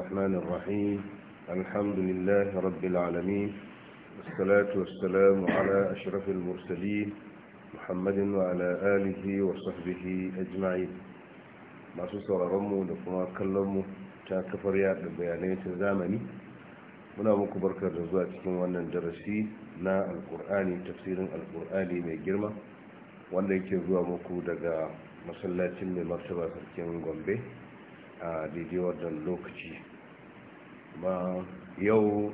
الرحمن الرحيم الحمد لله رب العالمين والصلاة والسلام على أشرف المرسلين محمد وعلى آله وصحبه أجمعين ما سسر رمو لكما كلمو تاكفر يا muna muku barkar da zuwa cikin wannan darasi na alkur'ani tafsirin alkur'ani mai girma wanda yake zuwa muku daga masallacin mai martaba sarkin gombe a daidai wannan lokaci ba yau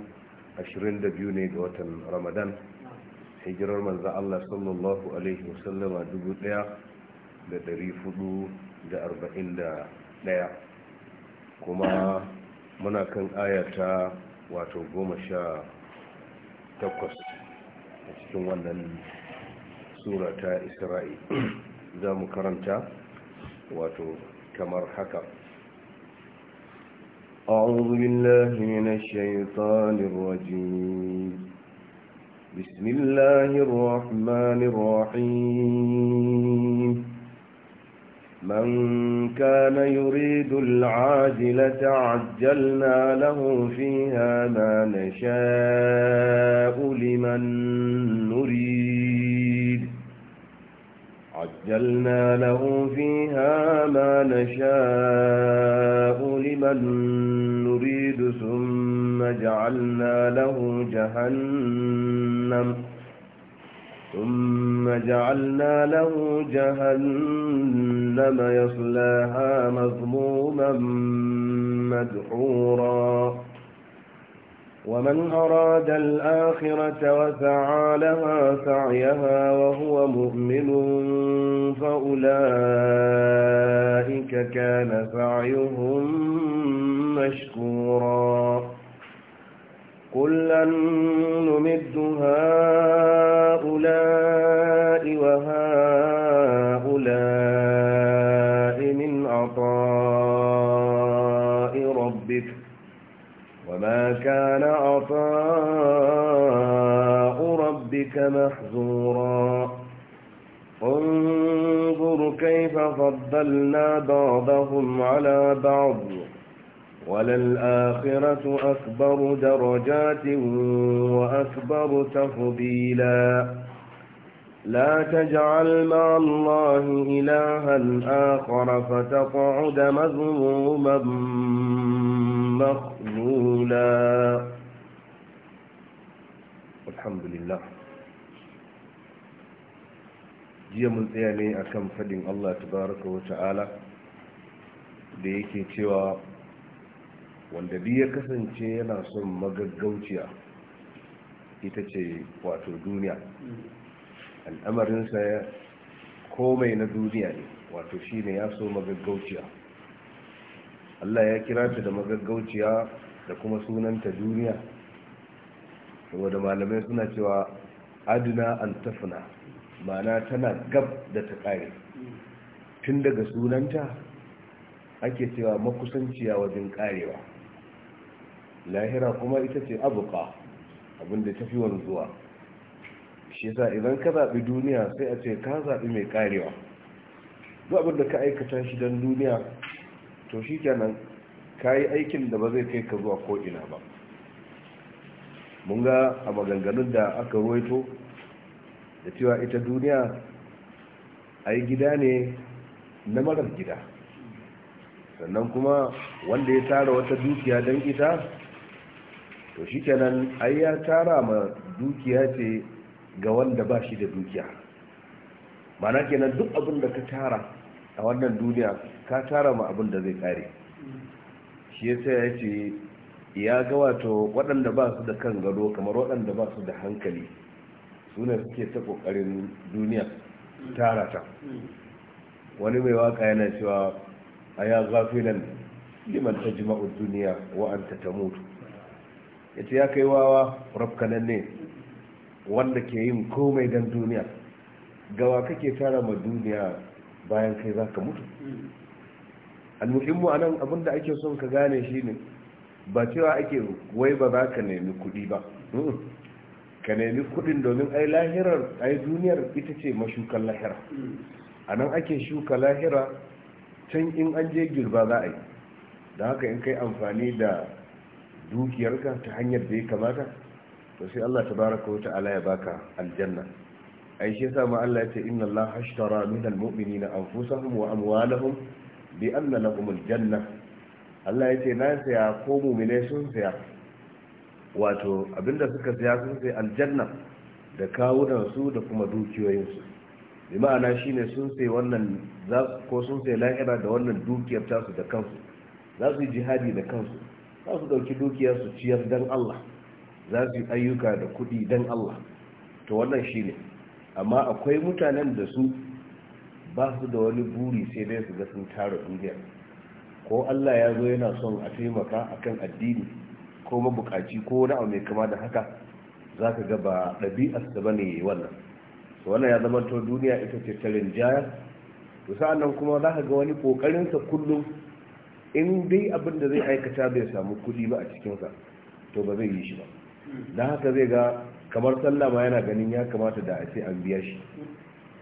22 ne ga watan ramadan hijirar manzan allah sallallahu alaihi wasallama 1441 kuma muna kan ayata wato goma sha takwas a cikin wannan sura ta isra'i za mu karanta wato kamar haka أعوذ بالله من الشيطان الرجيم بسم الله الرحمن الرحيم من كان يريد العاجلة عجلنا له فيها ما نشاء لمن نريد عجلنا له فيها ما نشاء لمن نريد ثم جعلنا له جهنم ثم جعلنا له جهنم يصلاها مظلوما مدحورا ومن أراد الآخرة وسعى لها سعيها وهو مؤمن فأولئك كان سعيهم مشكورا كلا نمد هؤلاء وهؤلاء كان عطاء ربك محظورا انظر كيف فضلنا بعضهم على بعض وللآخرة أكبر درجات وأكبر تفضيلا لا تجعل مع الله إلها آخر فتقعد مذموما مخذولا الحمد لله jiya mun tsaya ne akan faɗin Allah tabaraka wa ta'ala da yake cewa wanda biya kasance yana son magaggauciya ita ce wato duniya al'amarinsa ya komai na duniya ne wato shine ne ya so magaggauciya allah ya kira ta da magaggauciya da kuma sunanta duniya saboda malamai suna cewa aduna an tafina mana tana gab da ta kare tun daga sunanta ake cewa makusanciya wajen karewa lahira kuma ita ce abuka abinda tafi wanzuwa shi yasa idan ka zaɓi duniya sai a ce ka zaɓi mai karewa duk abinda ka aikata shi don duniya to shi kenan ka yi aikin da ba zai kai ka zuwa ko'ina ba mun ga a maganganun da aka ruwaito da cewa ita duniya a gida ne na marar gida sannan kuma wanda ya tara wata dukiya don ita to shi kenan ai ya tara ma dukiya ce ga wanda ba shi da dukiya mana kenan duk abin da ka tara a wannan duniya ka tara ma abin da zai kare shi yasa ya ce ya ga wato waɗanda ba su da kan gado kamar waɗanda ba su da hankali suna ne suke ta ƙoƙarin duniya tara ta wani mai waka yana cewa a ya zafi nan liman ta jima'ar duniya wa'anta ta mutu ya ce ya kai wawa rafkanan ne wanda ke yin komai don duniya gawa kake tara ma duniya bayan kai za ka mutu almuhimmu a nan abinda ake son ka gane shi ne ba cewa ake wai ba za ka nemi kudi ba ka nemi kudin domin ai lahirar ai duniyar ita ce mashukan lahira a nan ake shuka lahira can in an je girba za a yi da haka in kai amfani da dukiyarka ta hanyar da ya kamata to sai Allah tabaraka wa ta'ala ya baka aljanna ai shi yasa ma Allah yace, ce inna Allah ashtara min almu'minina anfusahum wa amwalahum bi anna lahum aljanna Allah yace na saya ko mu'mine sun saya wato abinda suka saya sun saya aljanna da kawunan su da kuma dukiyoyinsu bi ma'ana shine sun sai wannan za ko sun sai lahira da wannan dukiyar tasu da kansu za su yi jihadi da kansu za su dauki dukiyar su ciyar dan Allah za su yi ayyuka da kuɗi don Allah to wannan shi ne amma akwai mutanen da su ba su da wani buri sai dai su ga sun tara duniya ko Allah ya zo yana son a taimaka a kan addini ko mabukaci ko wani abu mai kama da haka za ka ga ba ɗabi'arsa ba ne wannan wannan ya zama to duniya ita ce ta rinjaya to sa'an nan kuma za ka ga wani ƙoƙarinsa kullum in dai abin da zai aikata bai samu kuɗi ba a cikinsa to ba zai yi shi ba don haka zai ga kamar sallah ma yana ganin ya kamata da a ce an biya shi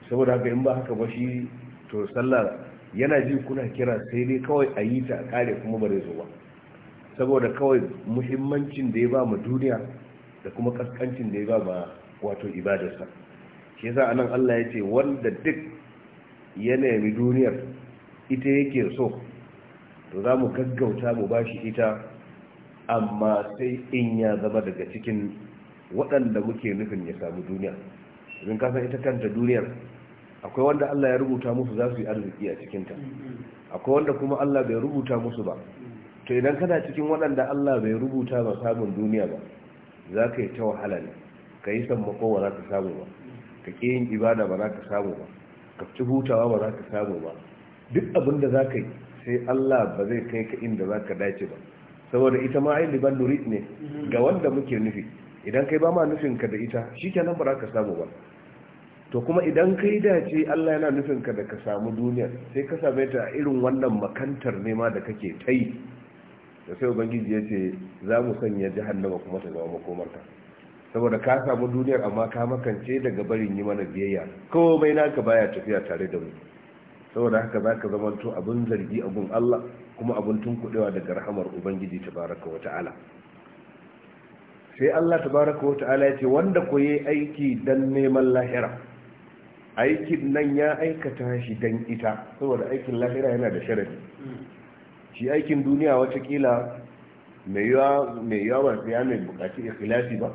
saboda haka in ba haka ba shi to sallah yana jin kuna kira sai dai kawai a yi ta a kare kuma ba zai zo ba saboda kawai muhimmancin da ya ba mu duniya da kuma kaskancin da ya ba ma wato ibadarsa shi yasa anan Allah ya ce wanda duk ya duniyar ita yake so to za mu gaggauta mu ba shi ita amma sai in ya zama daga cikin waɗanda muke nufin ya samu duniya domin kasan ita kanta duniyar akwai wanda Allah ya rubuta musu za su yi arziki a cikinta akwai wanda kuma Allah bai rubuta musu ba to idan kana cikin waɗanda Allah bai rubuta ba samun duniya ba za ka yi ta wahala ne ka yi sammako ba za ka samu ba ka ƙi yin ibada ba za ka samu ba ka ci hutawa ba za ka samu ba duk abin da za ka yi sai Allah ba zai kai ka inda za ka dace ba saboda ita ma ai liban nurid ne ga wanda muke nufi idan kai ba ma nufin ka da ita shikenan ba ka samu ba to kuma idan kai dace Allah yana nufin ka da ka samu duniya sai ka same ta irin wannan makantar nema da kake ta yi da sai ubangiji ya ce za mu sanya jahannama kuma ta zama saboda ka samu duniyar amma ka makance daga barin yi mana biyayya komai naka baya tafiya tare da mu saboda haka za ka zamanto abin zargi a gun Allah kuma abin tunkuɗewa daga rahamar ubangiji tabaraka wa ta'ala sai Allah tabaraka wa ta'ala ya ce wanda ku yi aiki don neman lahira aikin nan ya aikata shi don ita saboda aikin lahira yana da sharadi shi aikin duniya watakila mai yawa ba su ya mai bukaci ikhlasi ba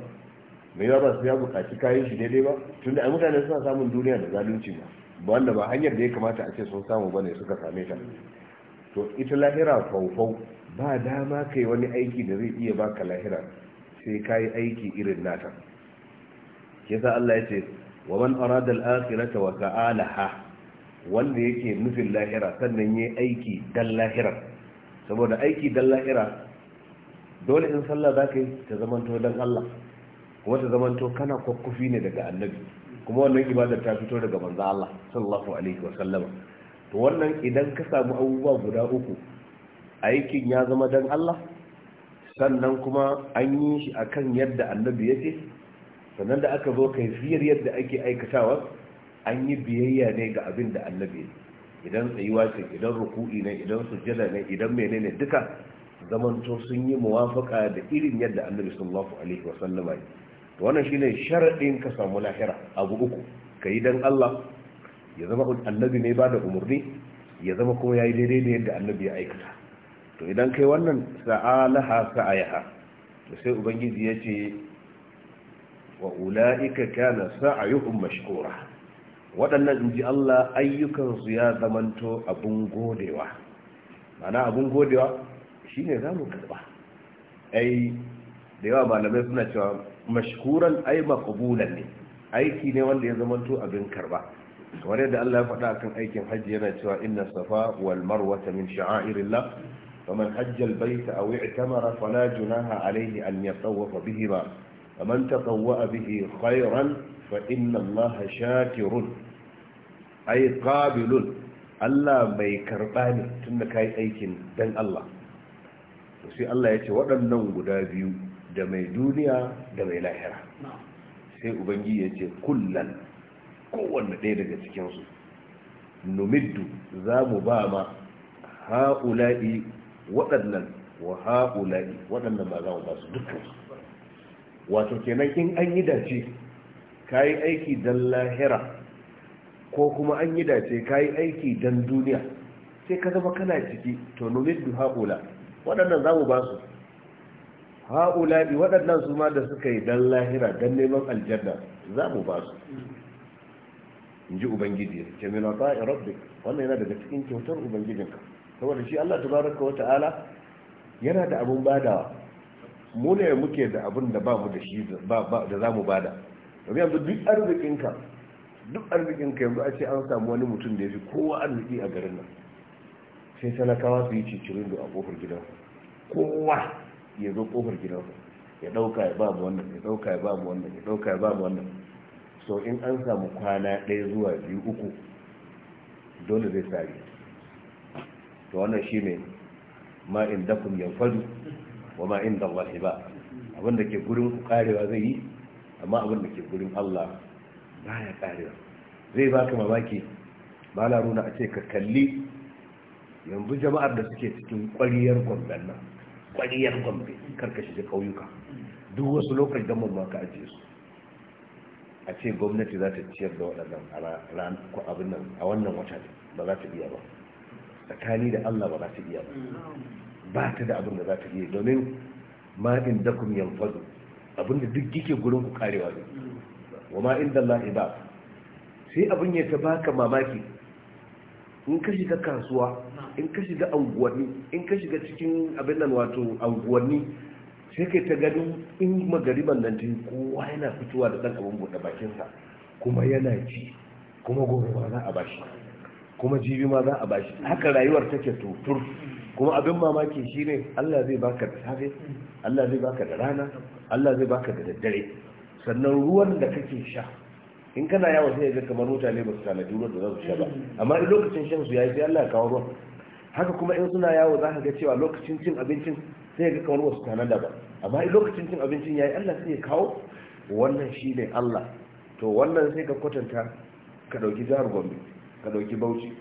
mai yawa ba su ya bukaci kayan shi daidai ba tunda a mutane suna samun duniya da zalunci ba wanda ba hanyar da ya kamata a ce sun samu ba ne suka same ta to ita lahira faufau ba dama kai wani aiki da zai iya baka lahira sai ka yi aiki irin nata kisa Allah ya ce wa man arada al-akhirata wa sa'alaha wanda yake nufin lahira sannan yayi aiki dan lahira saboda aiki dan lahira dole in sallah zaka yi ta zamanto dan Allah kuma ta zamanto kana kokkufi ne daga annabi kuma wannan ibadar ta fito daga manzo Allah sallallahu alaihi wa sallama to wannan idan ka samu abubuwa guda uku aikin ya zama dan Allah sannan kuma an yi shi akan yadda annabi yake sannan da aka zo kai kaifiyar yadda ake aikatawa an yi biyayya ne ga abin da annabi idan tsayuwa ce idan ruku'i ne idan sujjada ne idan menene duka zamanto sun yi muwafaka da irin yadda annabi sallallahu alaihi wa sallama yake wannan shine sharadin ka samu lahira abu uku ka yi dan Allah ya zama annabi ne ba da umarni ya zama kuma ya yi daidai da yadda annabi ya aikata to idan kai wannan sa'alaha sa'ayaha to sai ubangiji ya ce wa ula'ika kana sa'ayuhum mashkura waɗannan in ji Allah ayyukansu ya zamanto abun godewa mana abun godewa shine zamu mu ai da yawa malamai suna cewa mashkuran ai maqbulan ne aiki ne wanda ya zamanto abin karba kamar yadda Allah ya faɗa akan aikin hajji yana cewa inna safa wal marwa min sha'airillah faman hajja al bayta aw i'tamara fala junaha alayhi an yatawafa bihima faman tatawwa bihi khayran fa inna Allah shakirun ay qabilun Allah mai karba ne tunda kai aikin dan Allah sai Allah ya ce waɗannan guda biyu da mai duniya da mai lahira sai Ubangiji ya ce kullan kowanne ɗaya daga cikinsu numiddu za mu ba ma ha'ula'i waɗannan wa haƙula'i waɗannan ba za mu ba su dukkan wato kenan in an yi dace ka yi aiki don lahira ko kuma an yi dace ka yi aiki don duniya sai ka zama kana ciki to numiddu haƙula waɗannan za mu ba su ha'ula'i waɗannan su ma da suka yi dan lahira dan neman aljanna za mu ba su in ji ubangiji ya ce na ata'i rabbik wannan yana daga cikin kyautar ubangijinka saboda shi Allah tabaraka wa ta'ala yana da abun badawa mu ne muke da abun da ba mu da shi da za mu bada domin yanzu duk arzikinka duk arzikinka yanzu a ce an samu wani mutum da ya fi kowa arziki a garin nan sai talakawa su yi cicirin da a kofar gidan kowa ya zo kofar gidansa ya dauka ya babu wannan ya dauka ya babu wannan ya dauka ya babu wannan so in an samu kwana ɗaya zuwa biyu uku dole zai sare to wannan shi ne ma inda kun yanfadu wa ma inda Allah ba abin da ke gurin ku karewa zai yi amma abin da ke gurin Allah ba ya karewa zai baka mamaki ba na runa a ce ka kalli yanzu jama'ar da suke cikin ƙwariyar gwamnan nan ƙwariyar gombe karkashi shiga ƙauyuka duk wasu lokacin gamon ma ka ajiye su a ce gwamnati za ta ciyar da waɗannan abin nan a wannan wata ba za ta iya ba tsakani da allah ba za ta iya ba ba ta da abin da za ta iya domin ma inda kun yanfazu abin da duk yake gurin ku karewa ne wa ma inda allah ba sai abin ya ta baka mamaki in ka shiga kasuwa in ka shiga anguwanni in ka shiga cikin abin nan wato anguwanni sai kai ta gani in magariban nan tun kowa yana fitowa da ɗan abin buɗe bakinsa kuma yana ci kuma gobe ma za a bashi kuma jibi ma za a bashi haka rayuwar take tutur kuma abin mamaki shine Allah zai baka da safe Allah zai baka da rana Allah zai baka da daddare sannan ruwan da kake sha in kana yawon sai ga kamar mutane ba su tanadi ruwan da za su sha ba amma in lokacin shan su yayi sai Allah ya kawo ruwan haka kuma in suna yawo za ka ga cewa lokacin cin abincin sai ga kamar wasu tanada ba amma in lokacin cin abincin yayi Allah sai ya kawo wannan shi ne Allah to wannan sai ka kwatanta ka ɗauki jihar Gombe ka ɗauki Bauchi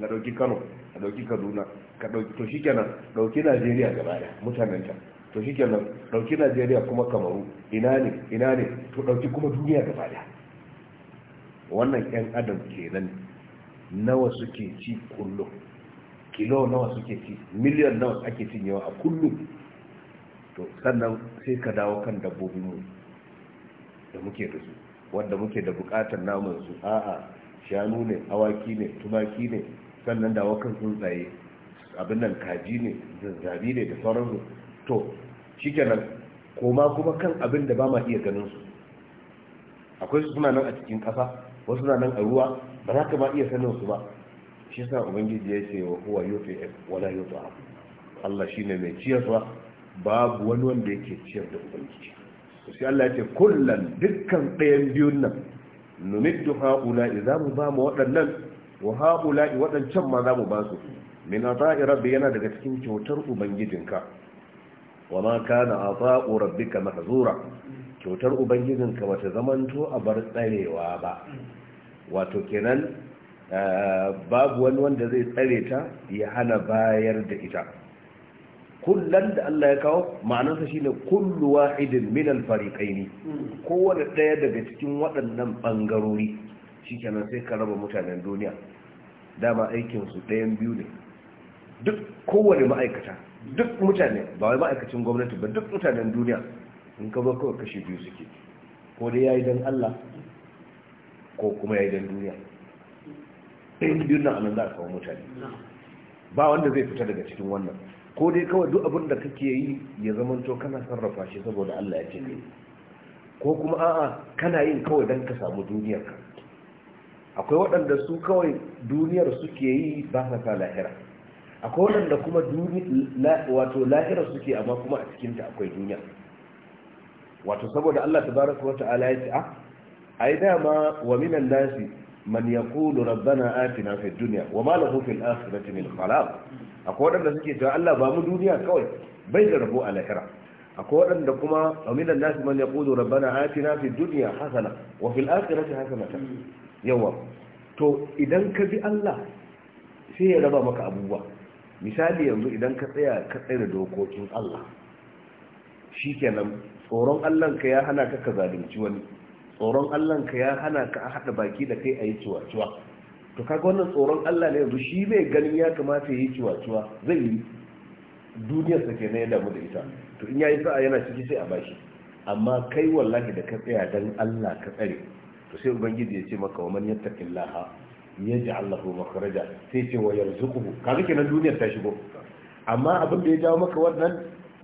ka ɗauki Kano ka ɗauki Kaduna ka ɗauki to shikenan ɗauki Najeriya gaba da mutanen ta to shikenan ɗauki Najeriya kuma Kamaru ina ne ina ne to ɗauki kuma duniya gaba da wannan 'yan adam kenan nawa suke ci kullum kilo nawa suke ci miliyan nawa ake cinyewa a kullum to sannan sai ka dawo kan dabbobinmu da muke da su wanda muke da bukatar namun su a'a shanu ne awaki ne tumaki ne sannan dawo kan tsuntsaye abin nan kaji ne zazzabi ne da sauransu to shikenan koma kuma kan abin da ba ma iya ganin su akwai su suna nan a cikin ƙasa wasu na nan a ruwa ba za ka ma iya sanin su ba shi sa ubangiji ya ce wa huwa yuti wala yuti Allah shi ne mai ciyar ba babu wani wanda yake ciyar da ubangiji to sai Allah ya ce kullan dukkan ɗayan biyun nan numiddu haula idza mu ba mu waɗannan wa haula waɗancan ma za mu ba su min ata'i rabbi yana daga cikin kyautar ubangijinka wa ma kana ata'u rabbika mahzura kyautar ubangijinka bata zamanto a bar tsarewa ba wato kenan eh, babu wani wanda zai tsare ta ya hana bayar da ita kullan da Allah ya kawo ma'anarsa shine kullu wahidin min al-fariqaini kowanne daya daga cikin waɗannan bangarori shikenan sai ka raba mutanen duniya dama aikin su ɗayan biyu ne duk kowane ma'aikata duk mutane ba wai ma'aikacin gwamnati ba duk mutanen duniya in ka ba kawai kashi biyu suke ko dai yayi dan Allah ko kuma ya yi don duniya ɗayan biyun nan anan za a kawo mutane ba wanda zai fita daga cikin wannan ko dai kawai duk abin da kake yi ya to kana sarrafa shi saboda Allah ya ce kai ko kuma a'a kana yin kawai don ka samu duniyar ka akwai waɗanda su kawai duniyar suke yi ba sa sa lahira akwai waɗanda kuma wato lahira suke amma kuma a cikinta akwai duniya wato saboda Allah tabaraka wa ta'ala ya ce a ah, ai dama wa minan nasi man yaqulu rabbana atina fid dunya wa ma lahu fil akhirati min khalaq akwai wadanda suke cewa Allah ba mu duniya kawai bai da rabo a lahira akwai wadanda kuma wa minan nasi man yaqulu rabbana atina fid dunya hasana wa fil akhirati hasanatan yawa to idan ka bi Allah sai ya raba maka abubuwa misali yanzu idan ka tsaya ka tsaya dokokin Allah shikenan tsoron Allah ka ya hana ka ka zalunci wani tsoron Allah ka ya hana ka a haɗa baki da kai a yi ciwaciwa to kaga wannan tsoron Allah ne yanzu shi mai ganin ya kamata ya yi ciwaciwa zai yi duniyar sa kenan ya damu da ita to in yayi sa'a yana ciki sai a bashi amma kai wallahi da ka tsaya dan Allah ka tsare to sai ubangiji ya ce maka wa man yattaqillaha yaj'al lahu makhraja sai ce wa yarzuquhu kaga kenan duniyar ta shigo amma abin da ya jawo maka wannan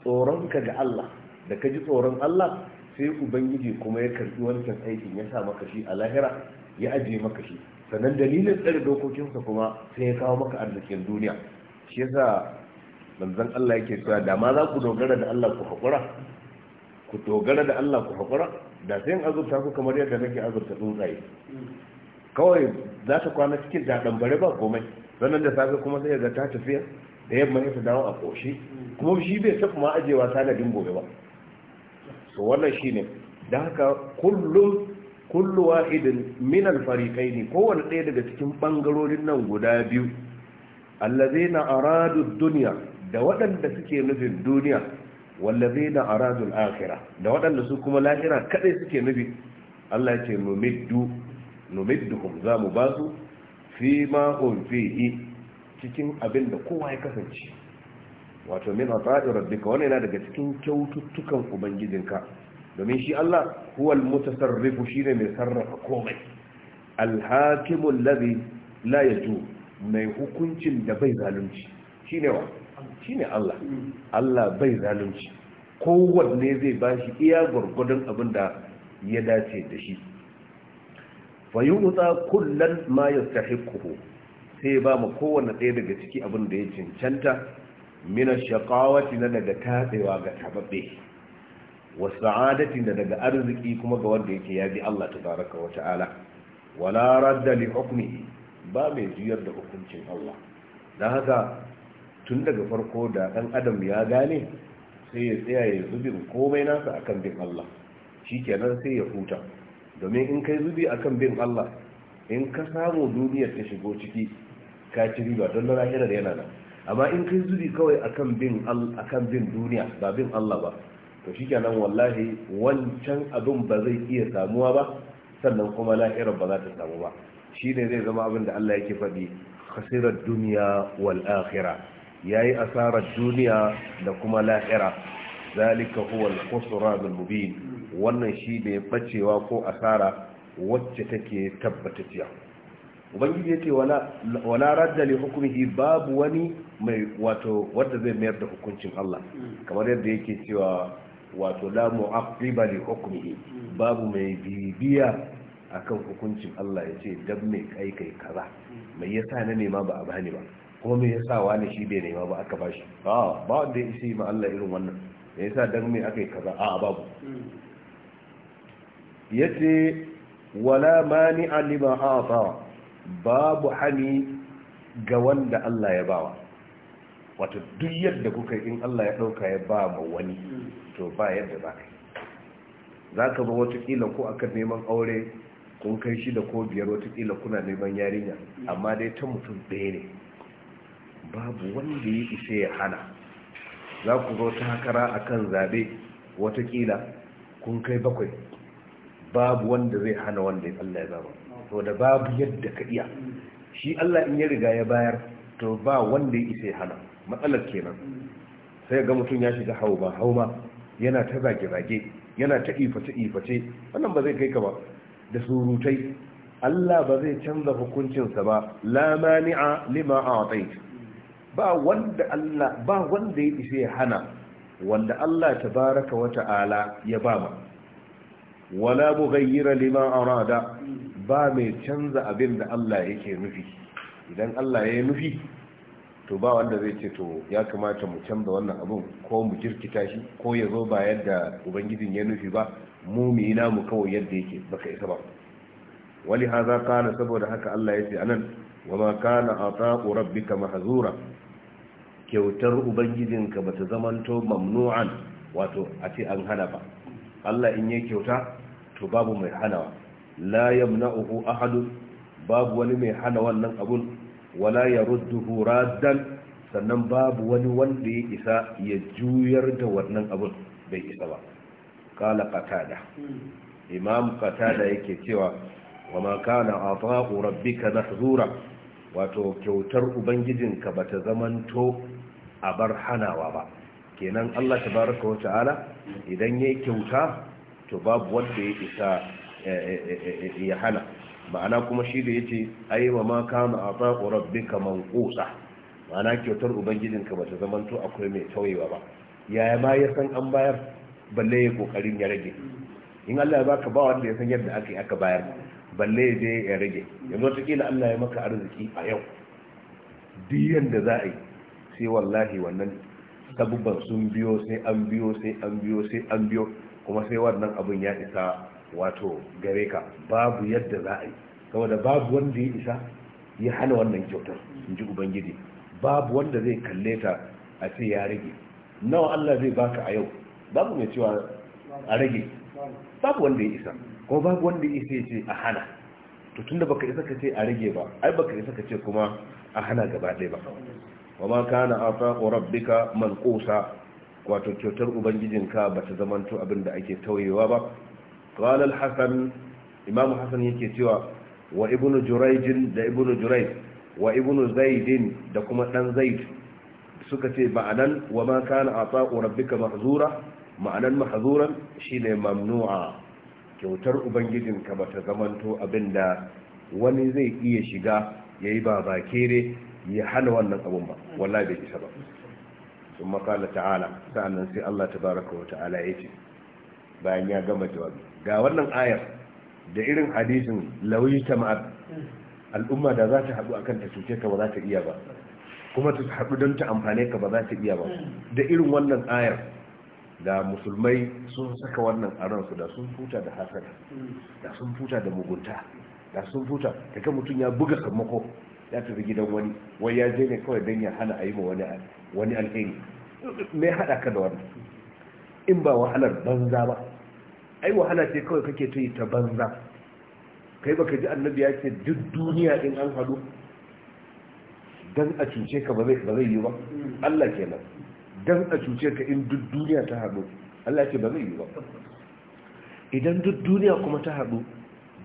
tsoron ka ga Allah da ka ji tsoron Allah sai ubangiji kuma ya karbi wancan aikin ya sa maka shi a lahira ya ajiye maka shi sannan dalilin tsare dokokinsa kuma sai ya kawo maka arzikin duniya shi yasa manzon Allah yake cewa da ma za ku dogara da Allah ku hakura ku dogara da Allah ku hakura da sai azurta ku kamar yadda nake azurta tsuntsaye kawai za ta kwana cikin daɗan bare ba komai sannan da safe kuma sai ga ta tafiya da yamma ya dawo a ƙoshi kuma shi bai tafi ma ajewa tanadin gobe ba to wannan shine da haka kullum kullu wahidin min ne ne kowanne ɗaya daga cikin bangarorin nan guda biyu na aradu duniya da waɗanda suke nufin duniya wallaze aradu aradun akira da waɗanda su kuma lahira kaɗai suke nufi Allah ce za mu ba basu fi ma hum cikin abin da kowa ya kasance wato min tsari rabbika wani yana daga cikin kyaututtukan ubangijinka domin shi Allah huwal mutasarrifu shine mai sarrafa komai alhakimu alladhi la yaju mai hukuncin da bai zalunci shine wa shine Allah Allah bai zalunci kowanne zai bashi iya gurgudun abin da ya dace da shi fayuta kullan ma yastahiqu sai ba mu kowanne ɗaya daga ciki abin da ya cancanta mina shaqawati na daga tatsewa ga tababbe wa sa'adati da daga arziki kuma ga wanda yake bi Allah tabaraka wa ta'ala wala radda li hukmi ba mai juyar da hukuncin Allah dan haka tun daga farko da dan adam ya gane sai ya tsaya ya zubin komai nasa akan bin Allah shikenan sai ya huta domin in kai zubi akan bin Allah in ka samu duniyar ta shigo ciki ka ci riba don lahira yana nan amma in kai zubi kawai akan bin bin duniya ba bin Allah ba to shikenan wallahi wancan abin ba zai iya samuwa ba sannan kuma lahirar ba za ta samu ba shine zai zama abin da Allah yake faɗi khasirar duniya wal akhira yayi asarar duniya da kuma lahira zalika huwa al khusran al mubin wannan shi ne bacewa ko asara wacce take tabbatacciya ubangiji ya ce wala radda li hukumihi babu wani mai wato wanda zai mayar da hukuncin Allah kamar yadda yake cewa wato la mu'aqqiba li hukmihi babu mai bibiya akan hukuncin Allah yace ce dan mai kai kai kaza mai yasa na nema ba a bani ba kuma mai yasa wani shi bai nema ba aka bashi a ah, ba wanda ya isi ma Allah irin wannan me yasa dan mai akai kaza a babu yace wala mani'a lima a'ta babu hani ga wanda Allah ya bawa wato duk yadda kuka in Allah ya dauka ya ba mu wani to ba yadda ba kai za ka ba watakila ko aka neman aure kun kai shi da ko biyar watakila kuna neman yarinya amma dai ta mutum ɗaya ne babu wanda ya isa ya hana za ku zo ta hakara a kan zaɓe watakila kun kai bakwai babu wanda zai hana wanda Allah ya zama to da babu yadda ka iya shi Allah in ya riga ya bayar to ba wanda ya isa hana matsalar kenan sai ga mutum ya shiga hau ba hau ma yana ta zage-zage yana ta iface-iface wannan ba zai kai ka ba da surutai Allah ba zai canza hukuncinsa ba la mani'a lima a'tait ba wanda Allah ba wanda ya isa ya hana wanda Allah tabaraka wa ta'ala ya ba ma wala gayyira lima arada ba mai canza abin da Allah yake nufi idan Allah ya nufi to ba wanda zai ce to ya kamata mu canza wannan abin ko mu jirkita shi ko ya zo ba yadda ubangijin ya nufi ba mu mu yi namu kawai yadda yake baka isa ba wali haza kana saboda haka Allah ya ce anan wa ma kana ataqu rabbika mahzura kyautar ubangijinka bata zamanto mamnu'an wato a ce an hana ba Allah in yi kyauta to babu mai hanawa la yamna'uhu Ahadu babu wani mai hana wannan abun wala yarudduhu raddan sannan babu wani wanda ya isa ya juyar da wannan abun bai isa ba kala qatada imam qatada yake cewa wa ma kana ata'u rabbika mahzura wato kyautar ubangijinka bata zamanto a bar hanawa ba kenan Allah baraka wa ta'ala idan yayi kyauta to babu wanda ya isa eh, eh, eh, ya hana ma'ana kuma shi da yace ayi wa ma kana ataqu kamar manqusa ma'ana kyautar ubangijinka bata zamanto akwai mai tauyewa ba yaya ma ya san an bayar balle ya ƙoƙarin ya rage in Allah ya baka ba wanda ya san yadda aka yi aka bayar balle ya je ya rage yanzu wataƙila Allah ya maka arziki a yau duk yanda za a yi sai wallahi wannan bubban sun biyo sai an biyo sai an biyo sai an biyo kuma sai wannan abin ya isa wato gare ka babu yadda za a yi saboda babu wanda ya isa ya hana wannan kyautar in ji ubangiji babu wanda zai kalle ta a ce ya rage nawa allah zai baka a yau babu mai cewa a rage babu wanda ya isa kuma babu wanda ya isa ya ce a hana to tunda baka isa ka ce a rage ba ai baka isa ka ce kuma a hana gaba ɗaya ba wa ma kana ata'u rabbika manqusa wato kyautar ubangijinka ba ta zamanto abin da ake tawayewa ba qala al-hasan imam hasan yake cewa wa ibnu jurayj da ibnu jurayj wa ibnu zaid da kuma dan zaid suka ce ma'anan wa ma kana ata'u rabbika mahzura ma'anan mahzuran shine mamnu'a kyautar ubangijinka ba ta zamanto abin da wani zai iya shiga yayi ba bakere ya hana wannan abun ba wallahi bai isa ba sun makala ta'ala sa'annan sai Allah ta wa ta'ala ya ce bayan ya gama jawabi ga wannan ayar da irin hadisin lauyi ta ma'ab al'umma da za ta haɗu kan ta cuce ka ba za ta iya ba kuma ta haɗu don ta amfane ka ba za ta iya ba da irin wannan ayar da musulmai sun saka wannan a ransu da sun futa da hasada da sun futa da mugunta da sun futa daga mutum ya buga sammako ya tafi gidan wani wai ya je ne kawai don ya hana a yi wani wani alheri mai haɗa ka da wannan in ba wahalar banza ba ai wahala ce kawai kake ta yi ta banza kai baka ji annabi ya ce duk duniya in an haɗu don a cuce ka ba zai yi ba Allah kenan don a cuce ka in duk duniya ta haɗu Allah ce ba zai yi ba idan duk duniya kuma ta haɗu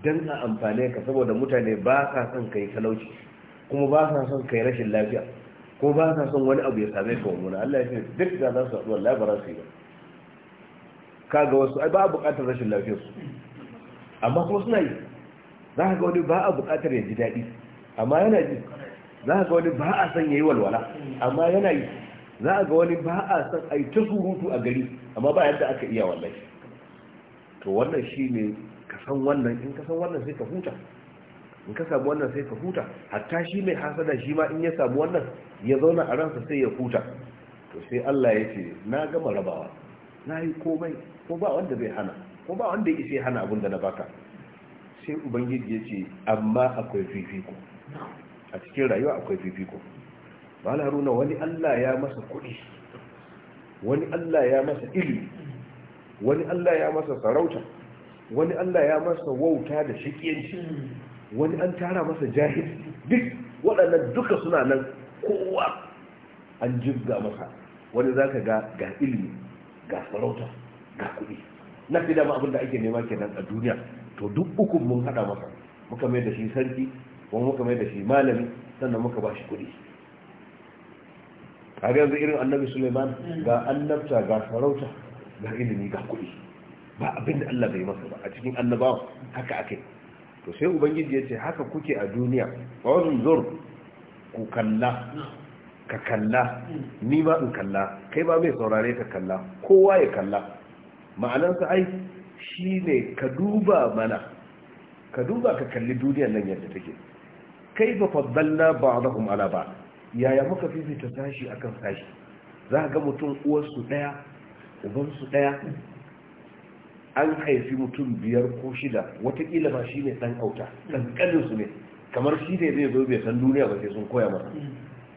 don a amfane ka saboda mutane ba ka san ka yi talauci kuma ba sa son kai rashin lafiya kuma ba sa son wani abu ya same ka mummuna Allah ya ce duk da za su haɗu Allah ba za su yi ba kaga wasu ai ba a buƙatar rashin lafiyar su amma kuma suna yi za ka ga wani ba a buƙatar ya ji daɗi amma yana ji za ga wani ba a san yayi walwala amma yana yi za ga wani ba a san ai ta surutu a gari amma ba yadda aka iya wallahi to wannan shine ka san wannan in ka san wannan sai ka huta in ka samu wannan sai ka huta hatta shi mai hasada shi ma in ya samu wannan ya zauna a ransa sai ya huta to sai Allah ya ce na gama rabawa na yi komai ko ba wanda zai hana ko ba wanda ya hana abin da na baka sai ubangiji ya ce amma akwai fifiko a cikin rayuwa akwai fifiko ba runa wani Allah ya masa kuɗi wani Allah ya masa ilimi wani Allah ya masa sarauta wani Allah ya masa wauta da shakiyanci wani an tara masa jahil duk waɗannan duka suna nan kowa an jibga masa wani za ka ga ga ilimi ga farauta ga kuɗi na fi dama abin ake nema kenan a duniya to duk uku mun haɗa masa muka mai da shi sarki wani muka mai da shi malami sannan muka ba shi kuɗi a yanzu irin annabi suleiman ga annabta ga farauta ga ilimi ga kuɗi ba abinda allah bai masa ba a cikin annabawa haka akai to sai ubangiji ya ce haka kuke a duniya ba wani zur ku kalla ka kalla ni ma in kalla kai ma mai saurare ka kalla kowa ya kalla ma'anansa ai shi ne ka duba mana ka duba ka kalli duniyar nan yadda take kai ba faddalla ba da ala ba yaya muka fifita sashi akan sashi za ga mutum uwarsu ɗaya ubansu ɗaya an haifi mutum biyar ko shida watakila shi ne ɗan auta dan su ne kamar shi ne zai zo san duniya ba sai sun koya masa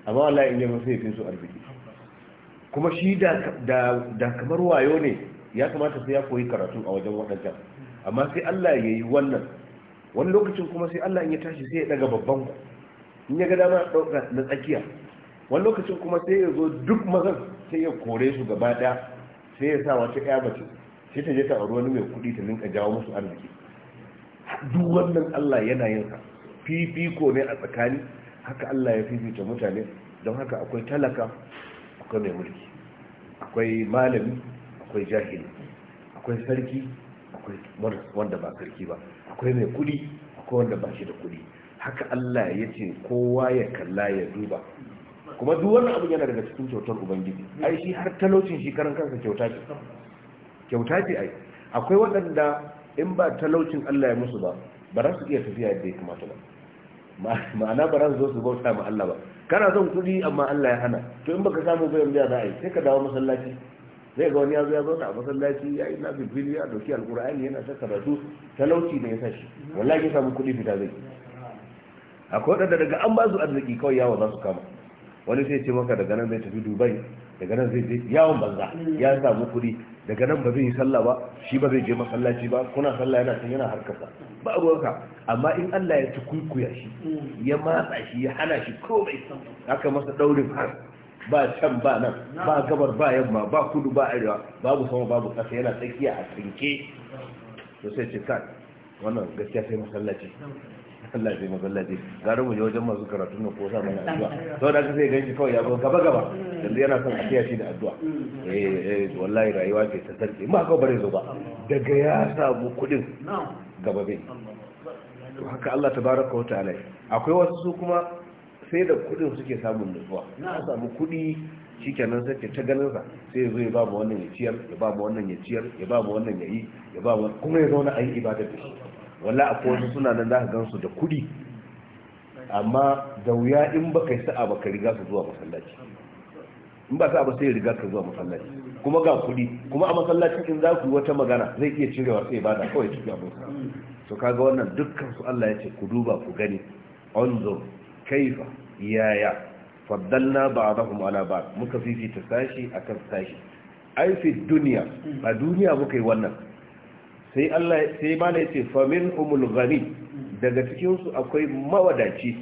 amma wala in yamma sai fin su arziki kuma shi da kamar wayo ne ya kamata sai ya koyi karatu a wajen waɗancan amma sai Allah ya yi wannan wani lokacin kuma sai Allah in ya tashi sai ya daga babban ku in ya ga dama ɗauka na tsakiya wani lokacin kuma sai ya zo duk mazan sai ya kore su gaba ɗaya sai ya sa wata ƴa mace sai ta je ta auri wani mai kuɗi ta ninka jawo musu arziki duk wannan Allah yana yin sa fifiko ne a tsakani haka Allah ya fifita mutane don haka akwai talaka akwai mai mulki akwai malami akwai jahili akwai sarki akwai wanda ba sarki ba akwai mai kuɗi akwai wanda ba shi da kuɗi haka Allah ya ce kowa ya kalla ya duba kuma duk wannan abin yana daga cikin kyautar ubangiji ai shi har talaucin shi karan kansa kyauta ce kyauta ce ai akwai waɗanda in ba talaucin Allah ya musu ba ba za su iya tafiya da ya kamata ba ma'ana ba za su zo su bauta ma Allah ba kana son kuɗi amma Allah ya hana to in baka samu bayan biya za a yi sai ka dawo masallaci zai ga wani ya zo ya zauna a masallaci ya yi nafi fili ya dauki alkur'ani yana ta karatu talauci ne ya sa shi wallahi ya samu kuɗi fita zai akwai waɗanda daga an ba su arziki kawai yawon za su kama wani sai ce maka daga nan zai tafi dubai daga nan zai je yawon banza ya samu kuɗi daga nan ba zai yi sallah ba shi ba zai je masallaci ba kuna sallah yana can yana harkarsa ba haka amma in Allah ya tukukuya shi ya matsa shi ya hana shi ko bai san haka masa daurin har ba can ba nan ba gabar ba yamma ba kudu ba arewa babu sama babu kasa yana tsakiya a tsinke to sai wannan gaskiya sai masallaci Allah bai masallaci gara mu je wajen masu karatu na ko sa mana addu'a to da kace gan shi kawai ya zo gaba gaba mm. yanzu yana son a kiyaye shi da addu'a mm. eh eh wallahi rayuwa ce ta sarki ma ka bare zo ba daga ya samu kudin gaba bai to haka Allah tabaraka wa ta'ala akwai wasu su kuma sai da kudin suke samun nutsuwa na samu kudi shikenan sai ta ganin sa sai zo ya ba mu wannan ya ciyar ya ba mu wannan ya ciyar ya ba mu wannan ya yi ya ba mu kuma ya zauna a yi ibadar da shi wala a kowace suna nan za ka gansu da kuɗi amma da wuya in ba kai sa'a ba ka riga ka zuwa masallaci in ba sa'a ba sai riga ka zuwa masallaci kuma ga kuɗi kuma a masallaci in za ku yi wata magana zai iya cirewa sai ba da kawai cikin abin to kaga wannan dukkan su Allah ya ce ku duba ku gani anzur kaifa yaya faddalna ba'dahum ala ba'd muka fifita sashi akan sashi ai fi duniya a duniya muka yi wannan sai Allah sai ma ne ce famin umul ghani daga cikin su akwai mawadaci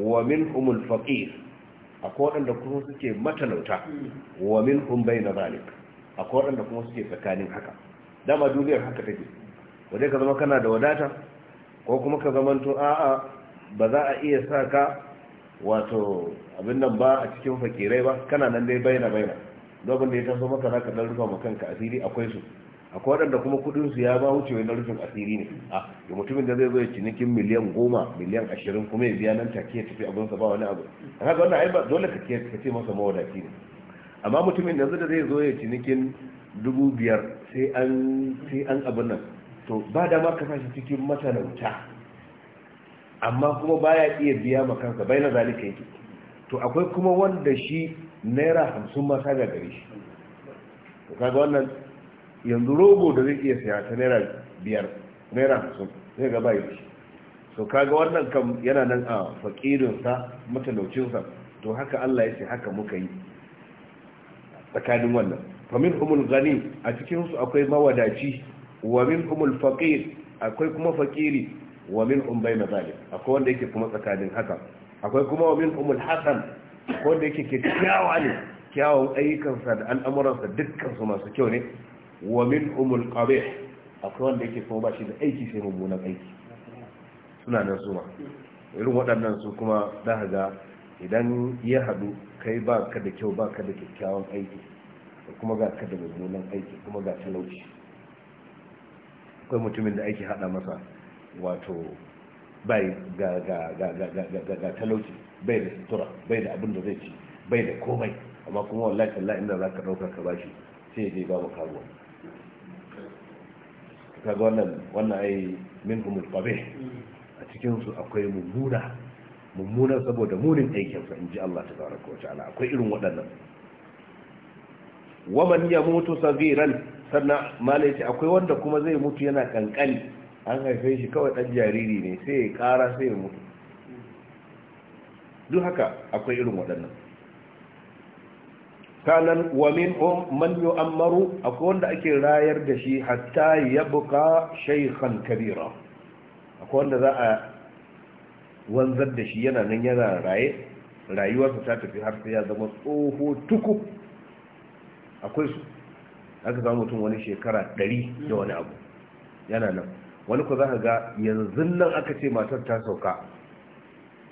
wa min umul faqir akwai wanda kuma suke matalauta wa min hum bayna zalik akwai wanda kuma suke tsakanin haka dama duniyar haka take wanda ka zama kana da wadata ko kuma ka a a'a ba za a iya sa ka wato abin nan ba a cikin fakirai ba kana nan dai bayna bayna dogon da ya taso maka za ka dan rufa ma kanka asiri akwai su akwai waɗanda kuma su ya ba wuce na rufin asiri ne a ah, da mutumin da zai zo ya cinikin miliyan goma miliyan ashirin kuma ya biya nan take ya tafi abinsa ba wani abu a haka wannan ai ba dole ka ce masa mawadaci ne amma mutumin da zai zo ya cinikin dubu biyar sai an sai an abin nan to ba da ma ka fashi cikin matalauta amma kuma baya iya biya ma kansa bai na zalika yake to akwai kuma wanda shi naira hamsin ma ta gagare shi to kaga wannan yanzu rogo da zai iya saya ta naira biyar naira hamsin zai gaba yi shi so kaga wannan kam yana nan a fakirinsa matalaucinsa to haka Allah ya ce haka muka yi tsakanin wannan famin umul gani a cikinsu akwai mawadaci wa min umul faqir akwai kuma fakiri wa min um bayna zalik akwai wanda yake kuma tsakanin haka akwai kuma wa min umul hasan akwai wanda yake kyakkyawa ne kyawun ayyukansa da al'amuransa dukkan su masu kyau ne wa min umul qabih akwai wanda yake kuma ba shi da aiki sai mummunan aiki suna nan ma irin waɗannan su kuma da ga idan ya haɗu kai ba ka da kyau ba ka da kyakkyawan aiki kuma ga ka da mummunan aiki kuma ga talauci akwai mutumin da aiki haɗa masa wato bai ga ga ga ga talauci bai da sutura bai da abin da zai ci bai da komai amma kuma wallahi tallahi inda za ka ɗauka ka bashi sai ya ba babu karuwa kaga wannan wannan ai minhumul a cikin su akwai mummuna mummuna saboda munin aikin sa inji Allah tabaraka wa ta'ala akwai irin waɗannan man yamutu saghiran sannan malaiti akwai wanda kuma zai mutu yana kankani an haife shi kawai dan jariri ne sai ya kara sai ya mutu duk haka akwai irin waɗannan kanan wa minhum man yu'ammaru akwai wanda ake rayar da shi hatta yabqa shaykhan kabira akwai wanda za a wanzar da shi yana nan yana raye sa ta tafi har sai ya zama tsoho tuku akwai su aka samu mutum wani shekara ɗari da wani abu yana nan wani ku zaka ga yanzu nan aka ce matar ta sauka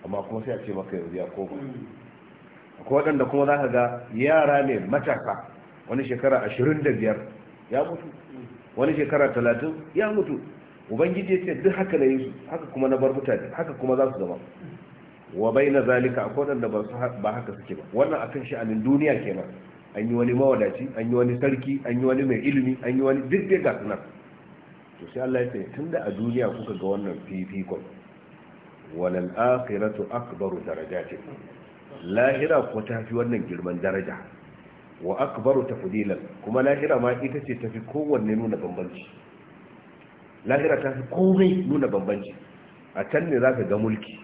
amma kuma sai a ce maka yanzu ya koma akwai waɗanda kuma za ka ga yara ne matasa wani shekara ashirin da biyar ya mutu wani shekara talatin ya mutu ubangiji ce duk haka na yi su haka kuma na bar mutane haka kuma za su zama wa bai na zalika akwai waɗanda ba haka suke ba wannan akan sha'anin duniya kenan an yi wani mawadaci an yi wani sarki an yi wani mai ilimi an yi wani duk ga suna nan to sai Allah ya ce tun da a duniya kuka ga wannan fifikon walal akhiratu akbaru darajatin lahira ko ta fi wannan girman daraja wa akbaru tafdilan kuma lahira ma ita ce tafi kowanne nuna bambanci lahira ta fi komai nuna bambanci a can ne zaka ga mulki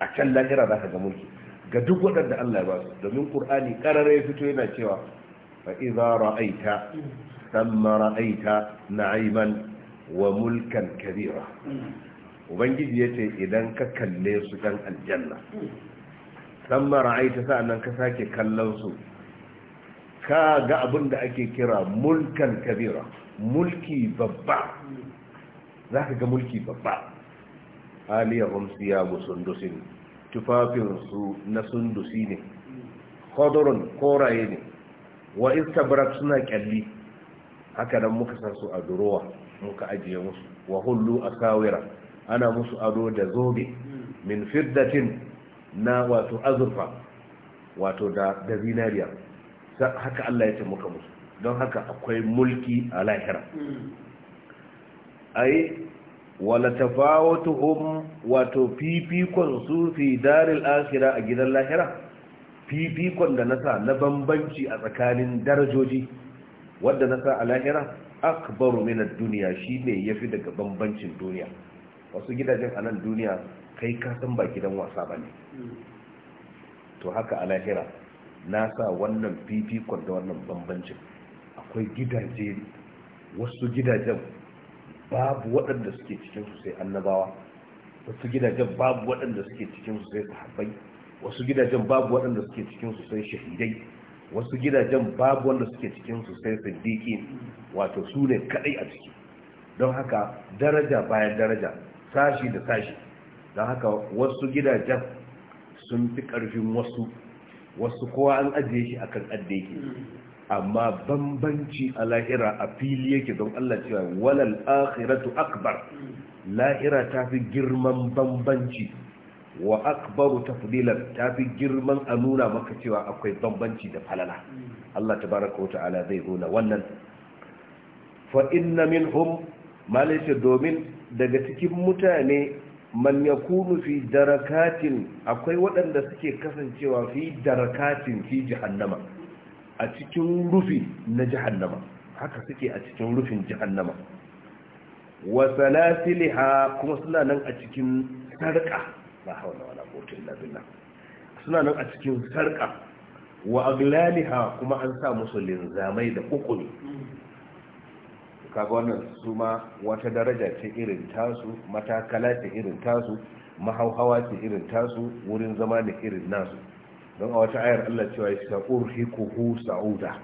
a can lahira zaka ga mulki ga duk waɗanda Allah ya ba su domin Qur'ani karare fito yana cewa fa idza ra'aita thumma ra'aita na'iman wa mulkan kabira ubangiji yace idan ka kalle su dan aljanna san mara'aita sa'annan ka sake kallon su ka ga abin da ake kira mulkan kabira mulki babba za ka ga mulki babba aliyahun siyabu sundusin tufafinsu na sundusi ne kodoron koraye ne wa istabrak suna kyalli haka nan muka san su a durowa muka ajiye musu wa hullu a sawira ana musu ado da zobe min fiddatin na wato azurfa wato da da zinariya haka Allah ya taimaka musu don haka akwai mulki a lahira ai wala tafawatuhum wato fifikon su fi daril akhirah a gidan lahira fifikon da nasa na bambanci a tsakanin darajoji wanda nasa a lahira akbaru min ad-dunya shine yafi daga bambancin duniya wasu gidajen a nan duniya kai ka san ba gidan wasa ba ne to haka a lahira na sa wannan fifikon da wannan bambancin akwai gidaje wasu gidajen babu waɗanda suke su sai annabawa wasu gidajen babu waɗanda suke su sai sahabbai wasu gidajen babu waɗanda suke su sai shahidai wasu gidajen babu wanda suke su sai siddiƙi wato su ne kaɗai a ciki don haka daraja bayan daraja sashi da sashi Da haka wasu gidajen sun fi ƙarfin wasu wasu kowa an ajiye shi akan adda yake amma bambanci a lahira a fili yake don Allah cewa walal akhiratu akbar lahira ta fi girman bambanci wa akbaru tafdilan ta fi girman a nuna maka cewa akwai bambanci da falala Allah tabaraka wa ta'ala zai nuna wannan fa inna minhum malaysa domin daga cikin mutane man ya kunu fi darakatin akwai waɗanda suke kasancewa fi darakatin fi jihannama a cikin rufi na jihannama haka suke a cikin rufin jihannama wa salasiliha kuma suna nan a cikin sarƙa ba haula wala quwwata illa suna nan a cikin sarƙa wa aglaliha kuma an sa musu zamai da hukumi kaga wannan su ma wata daraja ce irin tasu matakala ce irin tasu mahauhawa ce irin tasu wurin zama ne irin nasu don a wata ayar Allah cewa ya ku urhikuhu sa'uda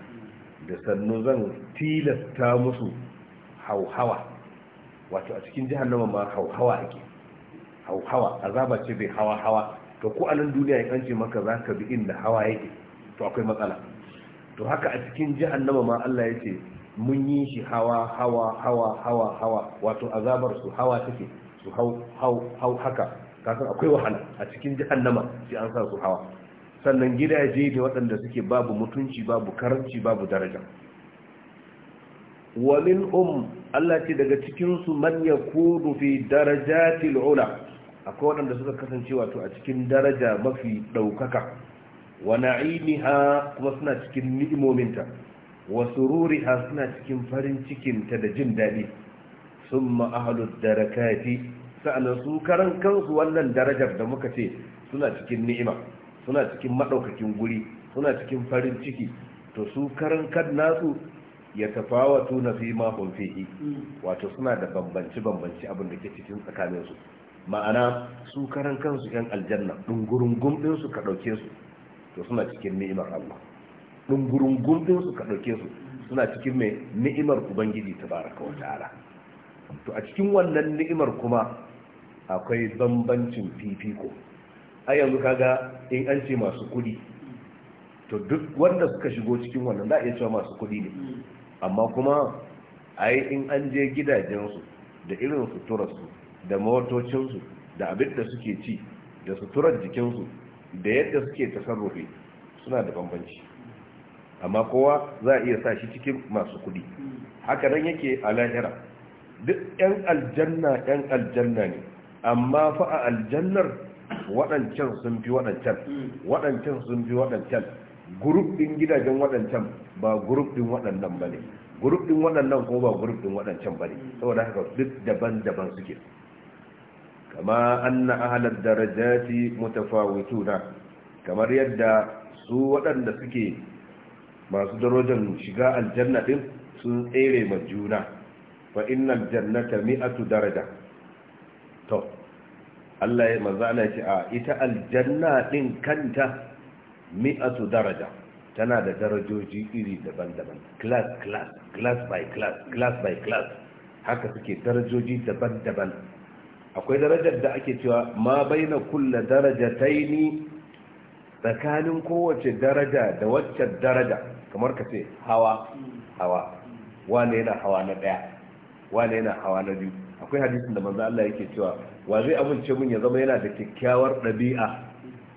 da sannu zan tilasta musu hauhawa wato a cikin jihar nama ma hauhawa ake hauhawa azaba ce bai hawa hawa to ko a duniya ya kance maka za ka bi inda hawa yake to akwai matsala to haka a cikin jihar nama ma Allah ya ce mun yi shi hawa hawa hawa hawa hawa wato azabar su hawa take su hau hau hau haka kasan akwai wahala a cikin jahannama sai an sa su hawa sannan gidaje da waɗanda suke babu mutunci babu karanci babu daraja wa min um Allah ce daga cikin su man yakudu fi darajatil ula akwai waɗanda suka kasance wato a cikin daraja mafi ɗaukaka wa na'imiha kuma suna cikin ni'imominta suna cikin وسرورها سنة da jin تدجن دالي ثم أهل الدركات sa'anan su karan kansu wannan darajar da muka ce suna cikin ni'ima suna cikin maɗaukakin guri suna cikin farin ciki to su karan kan nasu ya tafawatu na fi mahon fi'i wato suna da bambanci-bambanci abin da ke cikin tsakaninsu ma'ana su karan kansu 'yan aljanna ɗungurin gumɗinsu ka ɗauke su to suna cikin ni'imar Allah ɗungurin gundun su ɗauke su suna cikin mai ni'imar ubangiji ta baraka wa ta'ala to a cikin wannan ni'imar kuma akwai bambancin fifiko a yanzu kaga in an ce masu kuɗi to duk wanda suka shigo cikin wannan za a iya cewa masu kuɗi ne amma kuma a in an je gidajensu da irin suturarsu da motocinsu da abin da suke ci da suturar jikinsu da yadda suke tasarrufi suna da bambanci amma kowa za a iya sa shi cikin masu kudi haka nan yake a lahira duk 'yan aljanna 'yan aljanna ne amma fa a aljannar waɗancan sun fi waɗancan waɗancan sun fi waɗancan gurup gidajen waɗancan ba gurup waɗannan ba ne gurup waɗannan ko ba gurup waɗancan ba ne saboda haka duk daban-daban suke kama anna ahalar darajati mutafawituna kamar yadda su waɗanda suke masu darajar shiga aljanna din sun tsere ma juna fa innal jannata mi'atu daraja to Allah ya manzo Allah ya ce a ita aljanna din kanta mi'atu daraja tana da darajoji iri daban-daban class class class by class class by class haka suke darajoji daban-daban akwai darajar da ake cewa ma baina kullu darajataini tsakanin kowace daraja da wacce daraja kamar ka ce hawa hawa wane yana hawa na daya wane yana hawa na biyu akwai hadisin da manzo Allah yake cewa wa zai amince mun ya zama yana da kyakkyawar ɗabi'a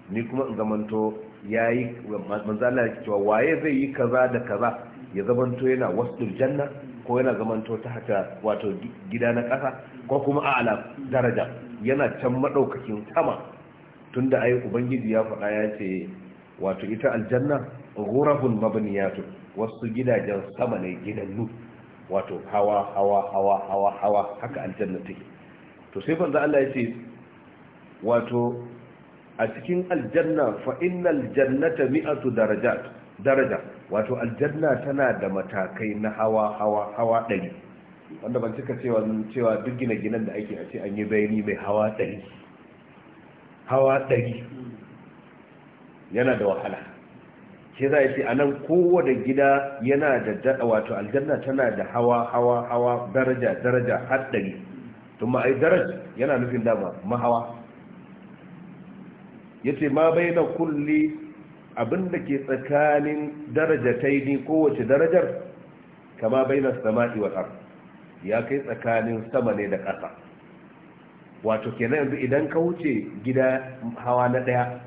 ni kuma in zamanto yayi manzo Allah yake cewa waye zai yi kaza da kaza ya zamanto yana wasdul janna ko yana zamanto ta haka wato gida na ƙasa ko kuma a'ala daraja yana can madaukakin sama tunda ayi ubangiji ya faɗa ya ce wato ita aljanna ghurafun mabniyatun wasu gidajen sama ne gidannu wato hawa hawa hawa hawa hawa haka aljanna take to sai banza Allah ya ce wato a cikin aljanna fa innal jannata mi'atu darajat daraja wato aljanna tana da matakai na hawa hawa hawa ɗari wanda ban cika cewa cewa duk gine-ginen da ake a ce an yi bayani mai hawa ɗari hawa ɗari yana da wahala ke za a ce a nan kowane gida yana da daɗa wato aljanna tana da hawa hawa hawa daraja daraja har ɗari a yi daraja yana nufin dama mahawa ya ce ma bai na kulli abinda ke tsakanin daraja darajatai ne kowace darajar kama bai na sama'i wa ya kai tsakanin sama ne da ƙasa wato kenan yanzu idan ka wuce gida hawa na ɗaya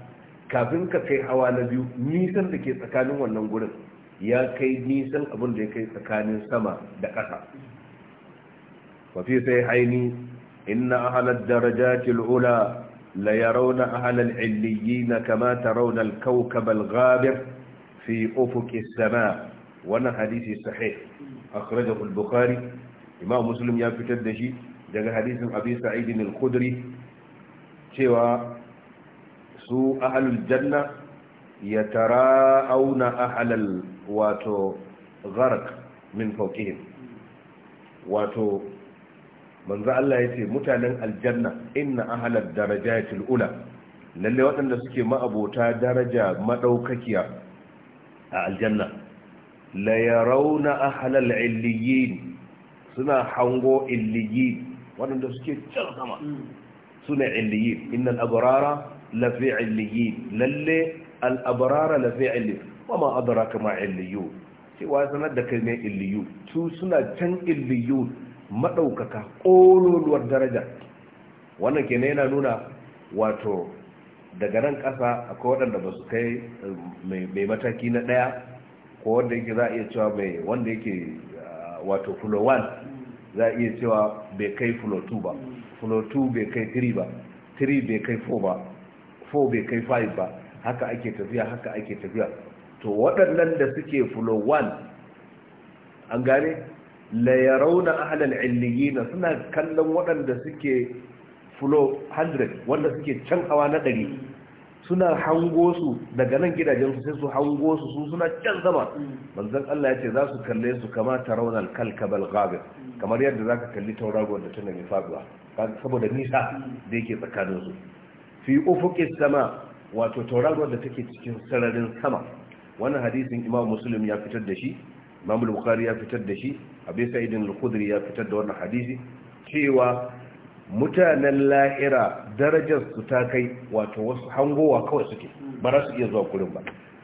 kafin ka kai hawa na biyu nisan da ke tsakanin wannan gurin ya kai nisan abin da ya kai tsakanin sama da ƙasa wafi sai haini inna ahalar darajatil ula la yarawna ahalar illiyina na kamata raunar kawkab al fi ufuqi sama wannan hadisi sahih akhrajahu al-bukhari imam muslim ya fitar da shi daga hadisin abu sa'idin al-khudri cewa su ahalul janna auna ahlal wato gharak min fawqihim wato manzo Allah yace mutanen aljanna inna ahlad darajatil ula lalle waɗanda suke ma'abota daraja madaukakiya a aljanna la yarawna halal illiyin suna hango illiyin waɗanda suke can sama mm. su ne illiyi innal abrara lafi illiyi lalle al abrara lafi illiyi wa ma adraka ma illiyu cewa sanar da kai ne illiyu su suna can illiyu madaukaka kololuwar daraja wannan kenan yana nuna wato daga nan ƙasa akwai waɗanda ba su kai eh, mai mataki na ɗaya ko wanda yake za a iya cewa mai wanda yake ah, wato fulowan za a iya cewa bai kai 2 ba 2 bai kai 3 ba 3 bai kai 4 ba 4 bai kai 5 ba haka ake tafiya haka ake tafiya to waɗannan da suke flow 1 an gane layarauna ahlal illiyina suna kallon waɗanda suke flow 100 wanda suke can hawa na suna hango su daga nan gidajensu sai su hango su su suna can zama manzon Allah ya ce za su kalle su kama tarawna kalkabal ghabir kamar yadda zaka kalli tauragon da tana mai faduwa saboda nisa da yake tsakanin su fi ufuqis sama wato tauragon da take cikin sararin sama wannan hadisin Imam Muslim ya fitar da shi Imam Bukhari ya fitar da shi Abi Sa'id al-Khudri ya fitar da wannan hadisi cewa mutanen lahira darajar su ta kai wato wasu hangowa kawai suke ba za su iya zuwa gurin ba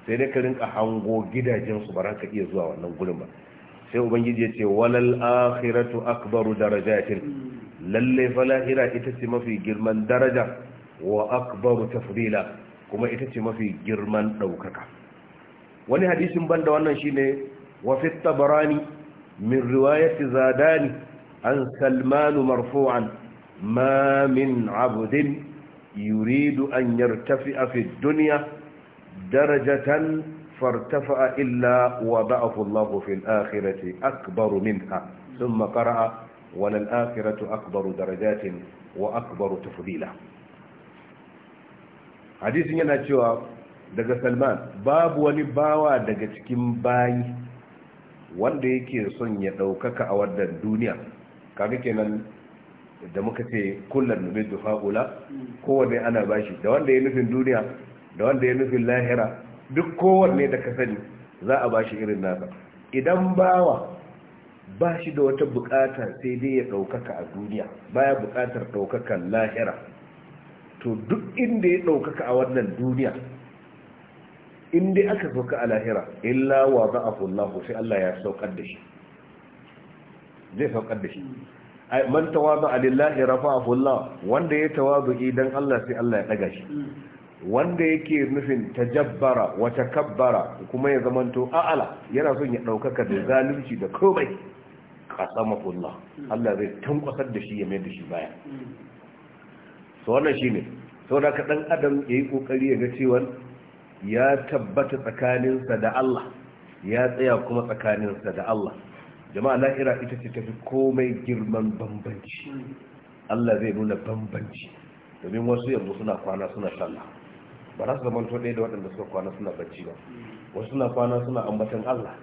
sai dai ka rinka hango gidajensu su ba za ka iya zuwa wannan gurin ba sai ubangiji ya ce walal akhiratu akbaru darajatin lalle fa lahira ita ce mafi girman daraja wa akbaru tafdila kuma ita ce mafi girman daukaka wani hadisin banda wannan shine wa fit tabarani min riwayati zadani an salmanu marfu'an ma min abdin yuridu an yartafi'a fi dunya darajatan فارتفع إلا وضعه الله في الآخرة أكبر منها ثم قرأ وللآخرة أكبر درجات وأكبر تفضيلا حديث yana cewa daga Salman babu wani bawa daga cikin bayi wanda yake son ya ɗaukaka a wannan duniya kaga kenan da muka ce kullum numiddu fa'ula kowanne ana bashi da wanda ya nufin duniya da wanda ya nufin lahira duk kowanne da ka sani za a bashi irin nasa idan bawa bashi da wata bukata sai dai ya ɗaukaka a duniya baya bukatar ɗaukakan lahira to duk inda ya ɗaukaka a wannan duniya inda aka sauka a lahira illa wa za'ahu Allah sai Allah ya saukar da shi zai saukar da shi man tawaba alillahi rafa'ahu Allah wanda ya tawazu'i dan Allah sai Allah ya daga shi hmm. wanda yake nufin tajabbara wa takabbara kuma ya zamanto a'ala yana son ya daukaka da zalunci da komai qasamahullah hmm. Allah zai tankwasar da shi ya mai da shi baya hmm. so wannan shine saboda ka dan adam yayi kokari ya ga cewa ya tabbata tsakaninsa da Allah ya tsaya kuma tsakaninsa da Allah jama'a lahira ita ce tafi komai girman bambanci Allah zai nuna bambanci domin wasu yanzu suna kwana suna sallah ba za su zama to ɗaya da waɗanda suka kwana suna bacci ba wasu suna kwana suna ambatan Allah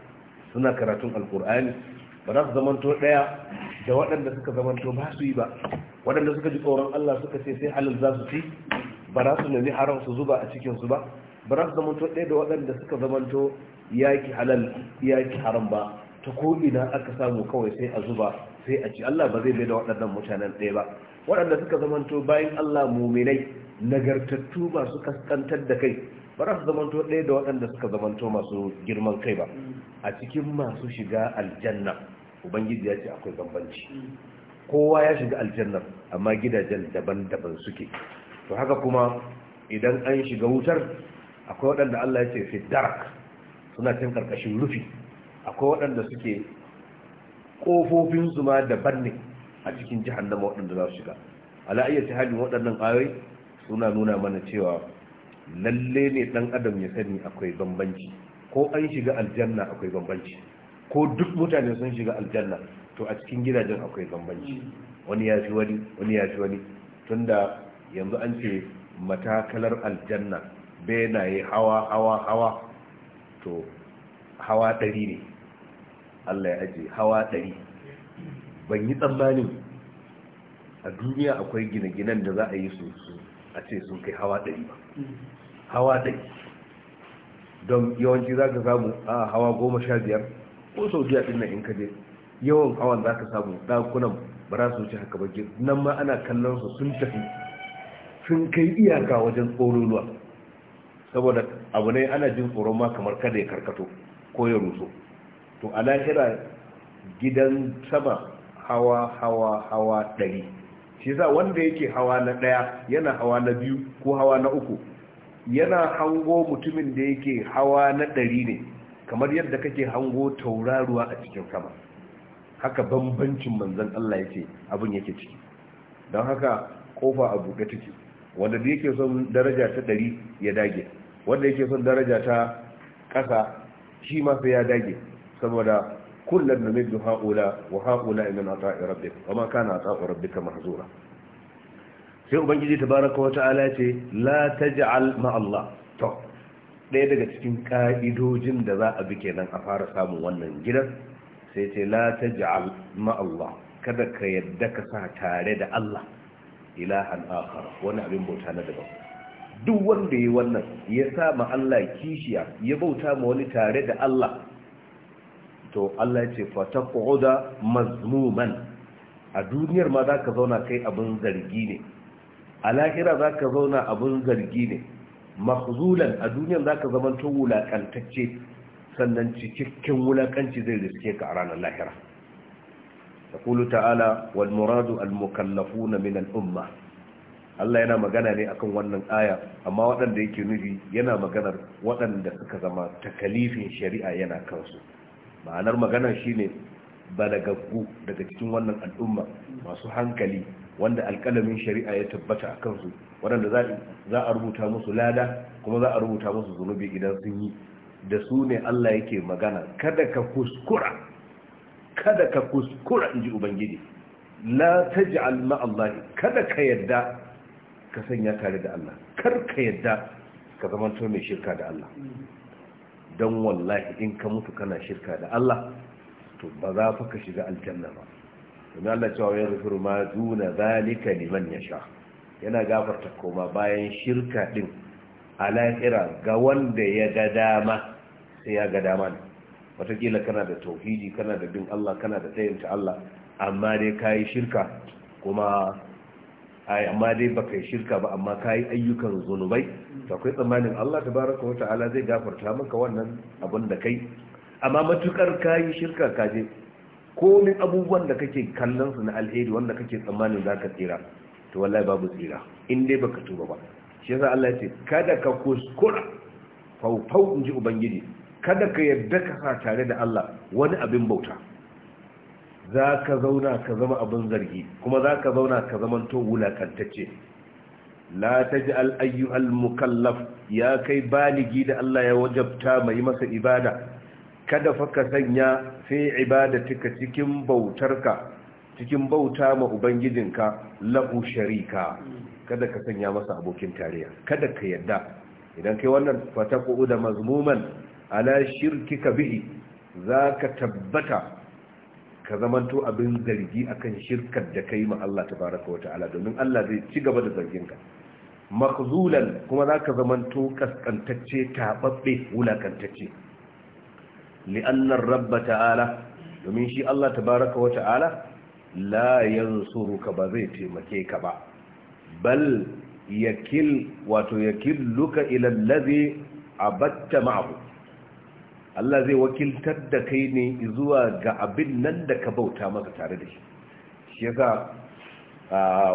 suna karatun alkur'ani ba za su zama to ɗaya da waɗanda suka zama to ba su yi ba waɗanda suka ji tsoron Allah suka ce sai halal za su ci ba za su nemi haram su zuba a cikin su ba ba za su zama to ɗaya da waɗanda suka zama to yaki halal yaki haram ba ta ko ina aka samu kawai sai a zuba sai a ci Allah ba zai bai da waɗannan mutanen ɗaya ba waɗanda suka zamanto bayan Allah muminai nagartattu masu kaskantar da kai ba za su zamanto ɗaya da waɗanda suka zamanto masu girman kai ba a cikin masu shiga aljanna ubangiji ya ce akwai bambanci kowa ya shiga aljanna amma gidajen daban-daban suke to haka kuma idan an shiga wutar akwai waɗanda Allah ya ce fi dark suna cin karkashin rufi akwai waɗanda suke ƙofofin zuma ma daban ne a cikin jahannama waɗanda za su shiga ala'ayyar ta halin waɗannan ayoyi suna nuna mana cewa lalle ne ɗan adam ya sani akwai bambanci ko an shiga aljanna akwai bambanci ko duk mutane sun shiga aljanna to a cikin gidajen akwai bambanci wani ya fi wani wani ya fi wani tunda yanzu an ce matakalar aljanna benaye hawa hawa hawa to hawa ɗari ne Allah ya ajiye. hawa ɗari ban yi tsammanin a duniya akwai gine-ginen da za a yi su a ce sun kai hawa ɗari ba hawa ɗari don yawanci za ka samu a hawa goma sha biyar ko sau biya ɗin nan in kaje yawan hawan za ka samu ɗakunan ba za su wuce haka ba nan ma ana kallon su sun tafi sun kai iyaka wajen tsoron saboda abu ne ana jin tsoron ma kamar kada ya karkato ko ya ruso to a lahira gidan sama hawa hawa hawa ɗari shi za wanda yake hawa na ɗaya yana hawa na biyu ko hawa na uku yana hango mutumin da yake hawa na ɗari ne kamar yadda kake hango tauraruwa a cikin sama haka bambancin manzan Allah yake abin yake ciki don haka kofa a buɗe take wanda da yake son daraja ta ɗari ya dage wanda yake son daraja ta ƙasa shi ma sai ya dage saboda kullum na mizu ha'ula wa ha'ula imin ata'i rabbik wa ma kana ata'u rabbika mahzura sai ubangiji tabaraka wa ta'ala ce la taj'al ma ma'alla to ɗaya daga cikin ka'idojin da za a bi kenan a fara samun wannan gidan sai ce la taj'al ma ma'alla kada ka yadda ka sa tare da Allah ilahan akhar wani abin bauta na daban duk wanda yi wannan ya sa ma Allah kishiya ya bauta ma wani tare da Allah to Allah ya ce fataquda mazmuman a duniyar ma zaka zauna kai abin zargi ne a lahira zaka zauna abin zargi ne mahzulan a duniyar zaka zaman to wulakantacce sannan cikakken wulakanci zai riske ka a ranar lahira yaqulu ta'ala wal muradu al mukallafuna min al umma Allah yana magana ne akan wannan aya amma waɗanda yake nufi yana maganar waɗanda suka zama takalifin shari'a yana kansu ma'anar maganar shine balagaggu daga cikin wannan al'umma masu hankali wanda alƙalamin shari'a ya tabbata a kansu waɗanda za a rubuta musu lada kuma za a rubuta musu zunubi idan sun yi da su ne Allah yake magana kada ka kuskura kada ka kuskura inji ubangiji la taj'al ma Allah kada ka yadda ka sanya tare da Allah kar ka yadda ka zama mai shirka da Allah don wallahi in ka mutu kana shirka da Allah to ba za fa ka shiga aljanna ba domin Allah cewa ya rufi ma duna zalika liman yasha yana gafarta koma bayan shirka din a lahira ga wanda ya ga dama sai ya ga dama ne watakila kana da tauhidi kana da bin Allah kana da tsayinta Allah amma dai kayi shirka kuma ai amma dai baka yi shirka ba amma ka ayyukan zunubai to akwai tsammanin Allah tabaraka wa ta'ala zai gafarta maka wannan abin da kai amma matukar ka yi shirka ka je komin abubuwan da kake kallon su na alheri wanda kake tsammanin zaka tsira to wallahi babu tsira in dai baka tuba ba shi yasa Allah ya ce kada ka kuskura faufau ji ubangiji kada ka yarda ka sa tare da Allah wani abin bauta za ka zauna ka zama abin zargi kuma za ka zauna ka zaman to wulakantacce la ta ji al'ayyuhal mukallaf ya kai baligi da Allah ya wajabta mai masa ibada kada fa ka sanya fi ibadatika cikin bautarka cikin bauta ma ubangijinka lahu sharika kada ka sanya masa abokin tarayya kada ka yadda idan kai wannan fataku da mazmuman ala shirkika bihi za ka tabbata ka zamanto abin zargi akan shirkar da kai ma Allah tabaraka wa ta'ala domin Allah zai ci gaba da zargin ka makzulan kuma za ka zamanto kaskantacce tababbe wulakantacce li'anna ar-rabb ta'ala domin shi Allah baraka wa ta'ala la ka ba zai taimake ka ba bal yakil wato yakilluka ila a abatta ma'ahu Allah zai wakiltar da kai ne zuwa ga abin nan da ka bauta maka tare da shi shi yasa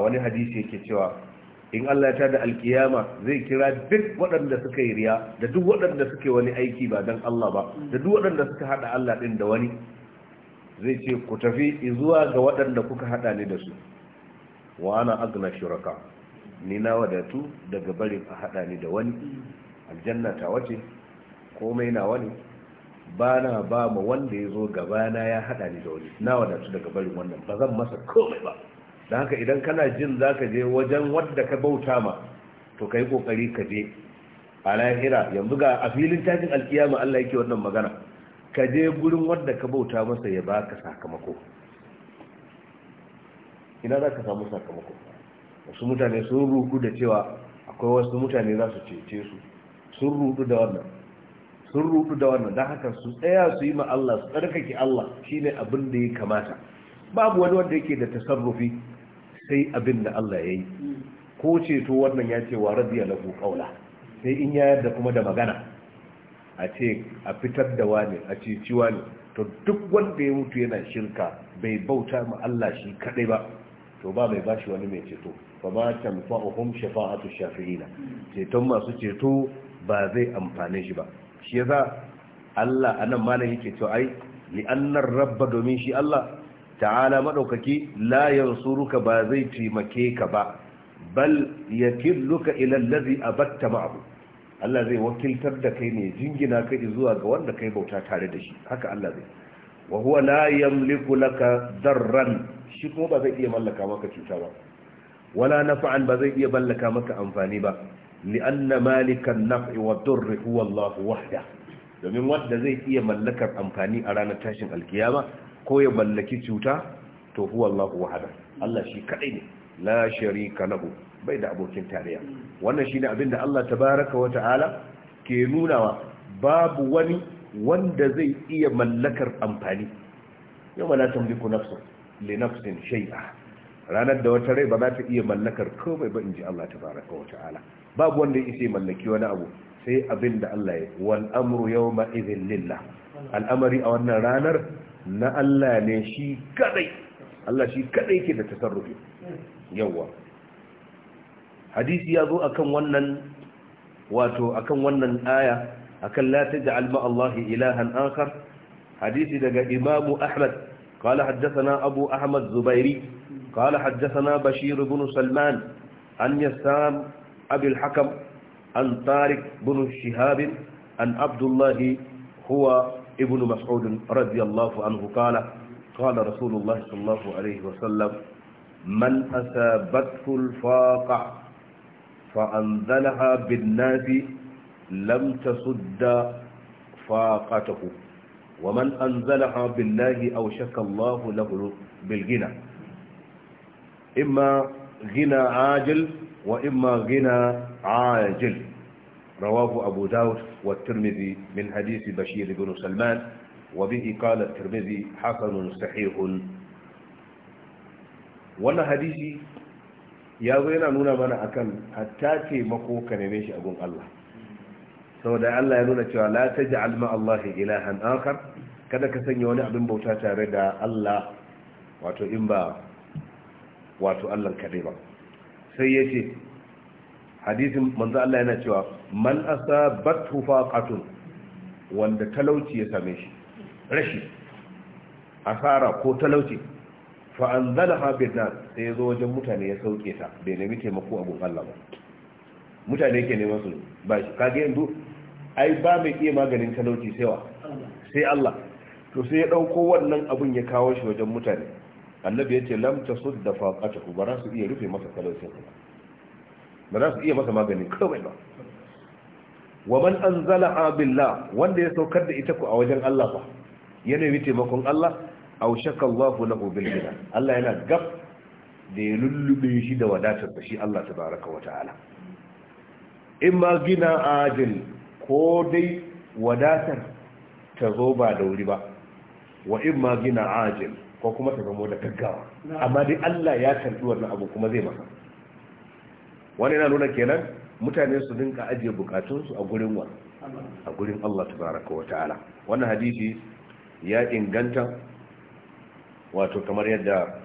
wani hadisi yake cewa in Allah ya tada alkiyama zai kira duk waɗanda suka yi riya da duk waɗanda suka wani aiki ba don Allah ba da duk waɗanda suka haɗa Allah ɗin da wani zai ce ku tafi zuwa ga waɗanda kuka haɗa ni da su wa ana agna shuraka ni na wadatu daga barin a haɗa ni da wani aljanna ta wace komai na wani ba na ba ma wanda ya zo gaba na ya haɗa ni da wani na su daga barin wannan ba zan masa komai ba da haka idan kana jin za ka je wajen wadda ka bauta ma to ka yi ƙoƙari ka je a lahira yanzu ga a filin tashin alkiyama Allah yake wannan magana ka je gurin wadda ka bauta masa ya ba ka sakamako ina za ka samu sakamako wasu mutane sun rudu da cewa akwai wasu mutane za su cece su sun rudu da wannan sun ruɗu da wannan don haka su tsaya su yi ma Allah su tsarkake Allah shine abin da ya kamata babu wani wanda yake da tasarrufi sai abin da Allah ya yi ko ceto wannan ya ce wa radiya lahu qawla sai in ya da kuma da magana a ce a fitar da wani a ceci wani to duk wanda ya mutu yana shirka bai bauta ma Allah shi kaɗai ba to ba mai bashi wani mai ceto fa ba tanfa'uhum shafa'atu shafi'ina ceton masu ceto ba zai amfane shi ba shi yasa Allah nan malami yake to ai li annar rabba domin shi Allah ta'ala madaukaki layan suruka ba zai taimake ka ba bal yakilluka ila allazi abatta ma'ahu Allah zai wakiltar da kai ne jingina kai zuwa ga wanda kai bauta tare da shi haka Allah zai wa huwa la yamliku laka darran shi kuma ba zai iya mallaka maka cuta ba wala nafa'an ba zai iya mallaka maka amfani ba li'anna malikan naf'i wa durri huwa Allah wahda domin wanda zai iya mallakar amfani a ranar tashin alkiyama ko ya mallaki cuta to huwa Allah wahda Allah shi kadai ne la sharika lahu bai da abokin tarayya wannan shine abin da Allah tabaraka wa ta'ala ke nunawa babu wani wanda zai iya mallakar amfani yau la tamliku nafsun li nafsin shay'a ranar da wata rai ba za ta iya mallakar komai ba in ji Allah ta baraka wa ta'ala babu wanda ya isa mallaki wani abu sai abin da Allah ya wal amru yawma idhin Lilla. al'amari a wannan ranar na Allah ne shi kadai Allah shi kadai ke da tasarrufi yawa hadisi ya zo akan wannan wato akan wannan aya akan la taj'al ma Allah ilahan akhar hadisi daga imamu Ahmad قال حدثنا abu Ahmad زبيري قال حدثنا بشير بن سلمان عن يسام أبي الحكم عن طارق بن الشهاب عن عبد الله هو ابن مسعود رضي الله عنه قال قال رسول الله صلى الله عليه وسلم من أسابته الفاقع فأنزلها بالناس لم تسد فاقته ومن أنزلها بالله أوشك الله له بالغنى imma gina ajil wa imma gina ajil رواه أبو داود والترمذي من حديث بشير بن سلمان وبه قال الترمذي حسن صحيح wannan hadisi ya zo yana nuna mana akan hatta ce mako ka neme shi abun Allah saboda Allah ya nuna cewa la taj'al ma Allah ilahan akhar kada ka sanya wani abin bauta tare da Allah wato in ba wato Allah kaɗai ba sai ya ce hadisin manzo Allah yana cewa man asabatu faqatun wanda talauci ya same shi rashi asara ko talauci fa anzalaha bidan sai yazo wajen mutane ya sauke ta bai nemi taimako a gun Allah ba mutane ke neman su ba shi kage yanzu ai ba mai iya maganin talauci sai wa sai Allah to sai ya dauko wannan abun ya kawo shi wajen mutane annabi yace lamta su da ku ba za su iya rufe masa talaucin ba za su iya masa magani kawai ba wa man anzala billah wanda ya saukar da ita ku a wajen Allah ba ya yi taimakon Allah aw shaka Allahu lahu bil Allah yana gab da ya lullube shi da wadatar da shi Allah baraka wa ta'ala in ma gina ajil ko dai wadatar ta zo ba da wuri ba wa in ma gina ajil ko kuma ta zamo da gaggawa amma dai Allah ya karbi wannan abu kuma zai maka wani yana nuna kenan mutane su dinka ajiye bukatunsu a gurin wa a gurin Allah tabaraka wa ta'ala wannan hadisi ya inganta wato kamar yadda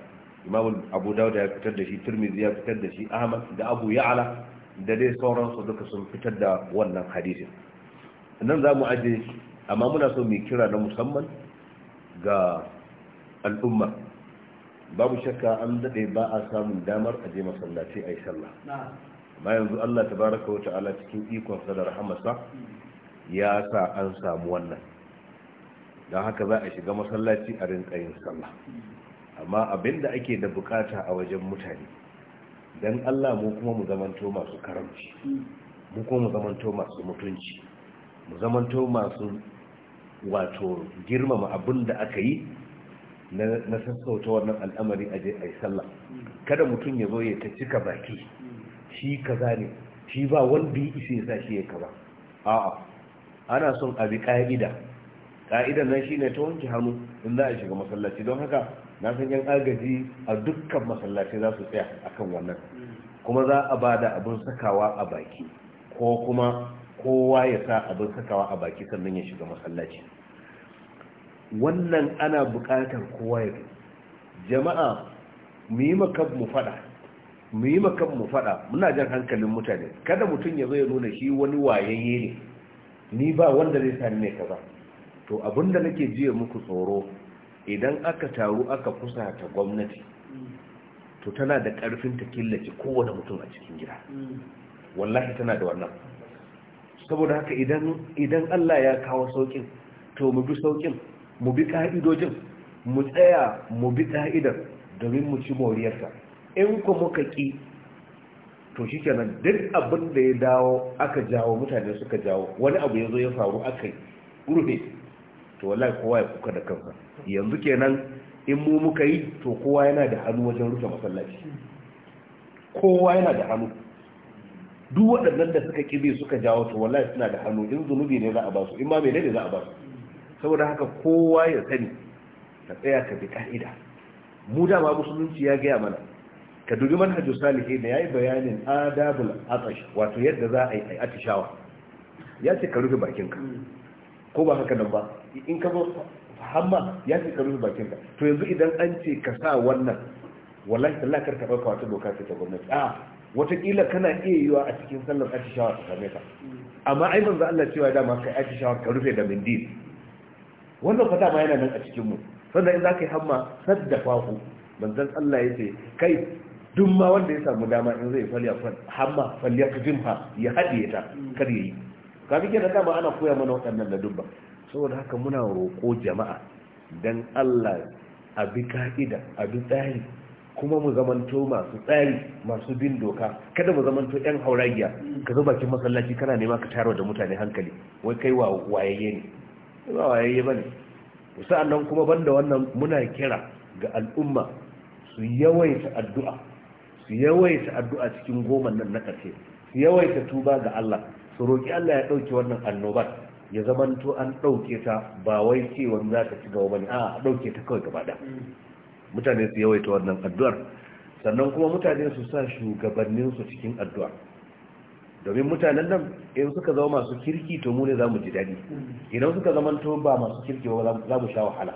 Imam Abu Dawud ya fitar da shi Tirmidhi ya fitar da shi Ahmad da Abu Ya'la da dai sauransu duka sun fitar da wannan hadisin nan zamu mu aje amma muna so mu kira na musamman ga al'umma babu shakka an daɗe ba a samun damar a je masallaci a yi sallah amma yanzu allah tabaraka wa ta'ala cikin ikonsa da rahamarsa ya sa an samu wannan don haka za a shiga masallaci a rinka yin sallah amma abinda ake da bukata a wajen mutane don allah mu kuma mu zamanto masu karamci mu kuma mu zamanto masu mutunci mu zamanto masu wato girmama abin da aka yi na sassauta wannan al'amari a je a yi sallah kada mutum ya zo ya ta cika baki shi kaza ne shi ba wanda ya isa ya shi ya kaza a'a ana son a bi ka'ida ka'ida nan shine ta wanke hannu in za a shiga masallaci don haka na san yan agaji a dukkan masallaci za su tsaya a kan wannan kuma za a ba da abin sakawa a baki ko kuma kowa ya sa abin sakawa a baki sannan ya shiga masallaci wannan ana buƙatar kowa ya jama'a mu yi makan mu fada mu yi makan mu fada muna jan hankalin mutane kada mutum ya zai nuna shi wani wayayye ne ni ba wanda zai sani ne kaza to abinda nake jiya muku tsoro idan aka taru aka kusa ta gwamnati to tana da karfin ta killace kowane mutum a cikin gida wallahi tana da wannan saboda haka idan Allah ya kawo saukin to mu bi saukin mu bi ka'idojin mu tsaya mu bi ka'idar domin mu ci moriyarsa in ku muka ƙi to shi kenan duk abin da ya dawo aka jawo mutane suka jawo wani abu ya zo ya faru aka rufe to wallahi kowa ya kuka da kansa yanzu kenan in mu muka yi to kowa yana da hannu wajen rufe masallaci kowa yana da hannu duk waɗannan da suka ƙi suka jawo to wallahi suna da hannu in zunubi ne za a ba su in ma menene za a ba su saboda haka kowa ya sani ka tsaya ka bi ka'ida mu da ma musulunci ya gaya mana ka dubi manhajo salihi da yayi bayanin adabul atash wato yadda za a yi atishawa ya ce ka rufe bakinka ko ba haka nan ba in ka hamma ya ce ka rufe bakinka to yanzu idan an ce ka sa wannan wallahi sallah kar ka dauka wata doka ce ta gwamnati a watakila kana iya yiwa a cikin sallar atishawa ta same ka amma ai manzo Allah cewa dama kai atishawa ka rufe da mindil wannan fata ma yana nan a cikin mu sannan in ka yi hamma saddafa ku manzon Allah yace kai duk ma wanda ya samu dama in zai falya hamma falya kujimha ya haɗiye ta kar yayi kafi kenan dama ana koya mana waɗannan da dubba saboda haka muna roƙo jama'a dan Allah a bi ka'ida a bi tsari kuma mu zamanto masu tsari masu bin doka kada mu zamanto yan hauragiya ka zo bakin masallaci kana nema ka taro da mutane hankali wai kai wa wayayye ne ba wayayye bane nan kuma banda wannan muna kira ga al'umma su yawaita addu'a su yawaita addu'a cikin goma nan na ƙarshe su yawaita tuba ga Allah su roƙi Allah ya ɗauke wannan annobar ya zamanto an ɗauke ta ba wai cewa za ta ci gaba bane a ɗauke ta kawai gaba mutane su yawaita wannan addu'ar sannan kuma mutane su sa shugabanninsu cikin addu'a domin mutanen nan in suka zama masu kirki to mu ne za mu ji daɗi idan suka zama to ba masu kirki ba za mu sha wahala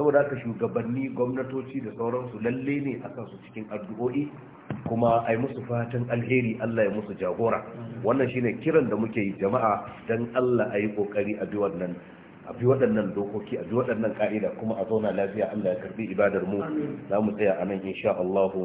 saboda haka shugabanni gwamnatoci da sauransu lalle ne a su cikin addu'o'i kuma a yi musu fatan alheri Allah ya musu jagora wannan shine kiran da muke yi jama'a dan Allah ayi yi kokari a bi wannan a bi waɗannan dokoki a bi waɗannan ka'ida kuma a zauna lafiya Allah ya karɓi ibadar mu za mu tsaya a nan insha allahu.